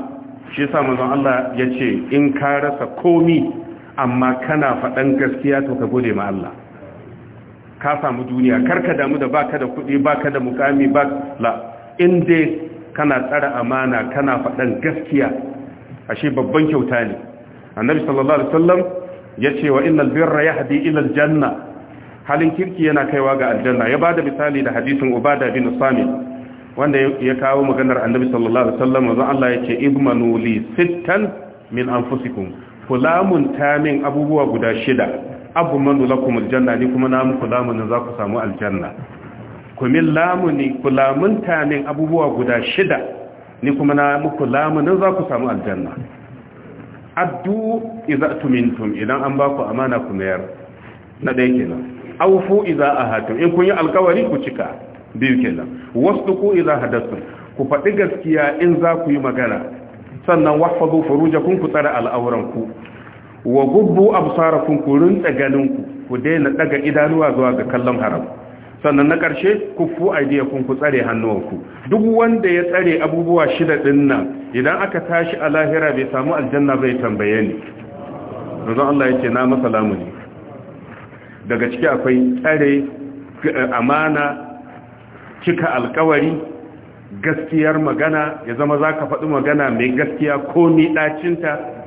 shi yasa manzon Allah yace in ka rasa komi amma kana faɗan gaskiya to ka gode ma Allah ka samu duniya karka damu da baka da kuɗi baka da mukami ba la in kana tsara amana kana faɗan gaskiya ashe babban kyauta ne annabi sallallahu alaihi wasallam yace wa innal birra yahdi ila aljanna halin kirki yana kaiwa ga aljanna ya bada misali da hadisin ubada bin samit wanda ya kawo maganar annabi sallallahu alaihi wasallam wanda Allah yace ibmanu li sittan min anfusikum fulamun tamin abubuwa guda shida abu manu lakum aljanna ni kuma na muku lamunin za ku samu aljanna ku min lamuni ku lamunta min abubuwa guda shida ni kuma na muku lamunin za ku samu aljanna addu idza tumintum idan an ba ku amana ku mayar na ɗaya kenan awfu idza ahatum in kun yi alkawari ku cika biyu kenan wasduqu idza hadathtum ku faɗi gaskiya in za ku yi magana sannan wahfazu furujakum ku tsara al'auranku wa gubbu absarakum ku rinta ganin ku ku daina daga idanuwa zuwa ga kallon haram sannan na karshe fu aidiyakum ku tsare hannuwanku duk wanda ya tsare abubuwa shida din nan idan aka tashi a lahira bai samu aljanna bai tambaye ni dan Allah yake na masa lamuni daga ciki akwai tsare eh, amana cika alkawari gaskiyar magana ya zama zaka faɗi magana mai gaskiya ko ni dacinta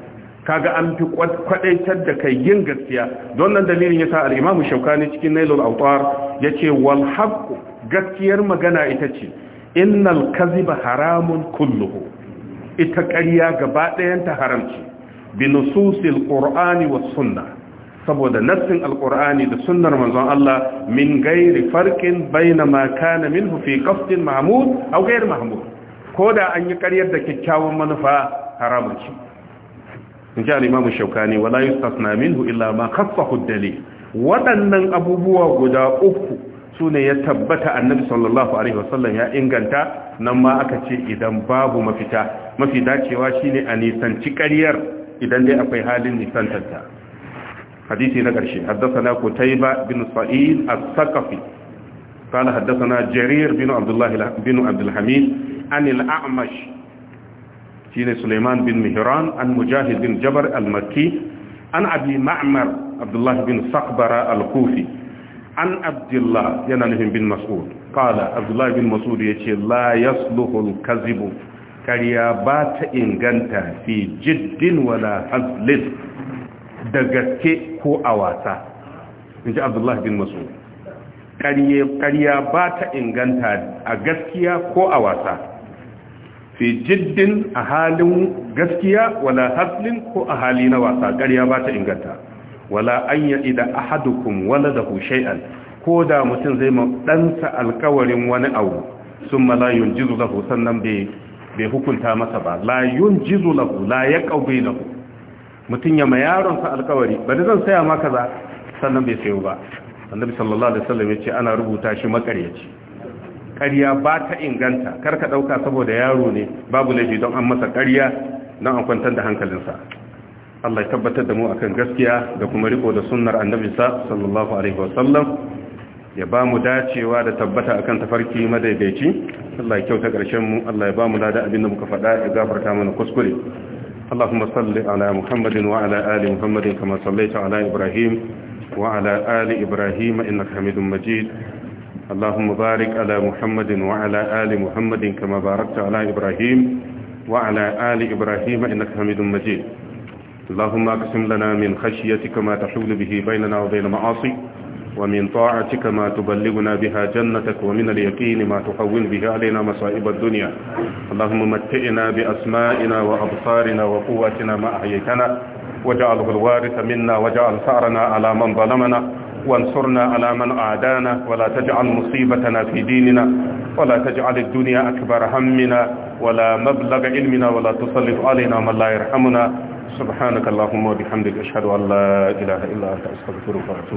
kaga an fi kwadaitar da kai yin gaskiya don nan dalilin yasa al-Imam Shawkani cikin Nailul Awtar yace wal haqq gaskiyar magana ita ce innal kadhiba haramun kulluhu ita ƙarya gaba ɗayan ta haramci bi nususil qur'ani was sunna. saboda nassin alkur'ani da sunnar manzon Allah min gairi farkin baina ma kana minhu fi qasdin mahmud aw ghair mahmud koda an yi ƙaryar da kikkiawan manufa haramun ce in ji al'imamu shaukani wala yi stasna minhu illa ma kasahu dalil waɗannan abubuwa guda uku su ne ya tabbata annabi sallallahu alaihi wasallam ya inganta nan ma aka ce idan babu mafita mafi dacewa shine a nisanci ƙaryar idan dai akwai halin nisantanta hadisi na ƙarshe haddathana kutayba bin sa'id as sakafi qala haddathana jarir bin abdullah bin abdul hamid amash shine Suleiman bin Mihran an Mujahid bin Jabar al-Makki an Abi Ma'mar Abdullahi bin Saqbara al-Kufi an Abdullah yana nufin bin Mas'ud qala Abdullahi bin Mas'ud yace la yasluhu al-kazibu kariya ba ta inganta fi jiddin wala hazlin da gaske ko a wasa in ji abdullahi bin Mas'ud kariya ba ta inganta a gaskiya ko a wasa fi jiddin a halin gaskiya wala haslin ko a hali na wasa ƙarya ba ta inganta wala an yi ida ahadukum wala da shay'an ko da mutum zai ma ɗansa alkawarin wani abu sun ma layun jizu lahu sannan bai hukunta masa ba layun jizu lahu la ya ƙaube lahu mutum ya ma yaronsa alkawari ba da zan saya maka za sannan bai sayo ba annabi sallallahu alaihi wasallam ya ce ana rubuta shi makaryaci ƙarya ba ta inganta kar ka ɗauka saboda yaro ne babu laifi don an masa ƙarya don an kwantar da hankalinsa Allah ya tabbatar da mu akan gaskiya da kuma riko da sunnar annabi sallallahu alaihi wasallam ya ba mu dacewa da tabbata akan tafarki madaidaici Allah ya kyauta ƙarshen mu Allah ya ba mu da abin da muka faɗa ya gafarta mana kuskure اللهم صل على محمد وعلى آل محمد كما صليت على إبراهيم وعلى آل إبراهيم إنك حميد مجيد اللهم بارك على محمد وعلى آل محمد كما باركت على إبراهيم وعلى آل إبراهيم إنك حميد مجيد اللهم اقسم لنا من خشيتك ما تحول به بيننا وبين معاصي ومن طاعتك ما تبلغنا بها جنتك ومن اليقين ما تحول به علينا مصائب الدنيا اللهم متئنا بأسمائنا وأبصارنا وقواتنا ما أحييتنا وجعله الوارث منا وجعل ثأرنا على من ظلمنا وانصرنا على من أعدانا ولا تجعل مصيبتنا في ديننا ولا تجعل الدنيا أكبر همنا ولا مبلغ علمنا ولا تسلط علينا من لا يرحمنا سبحانك اللهم وبحمدك أشهد أن لا إله إلا أنت أستغفرك وأتوب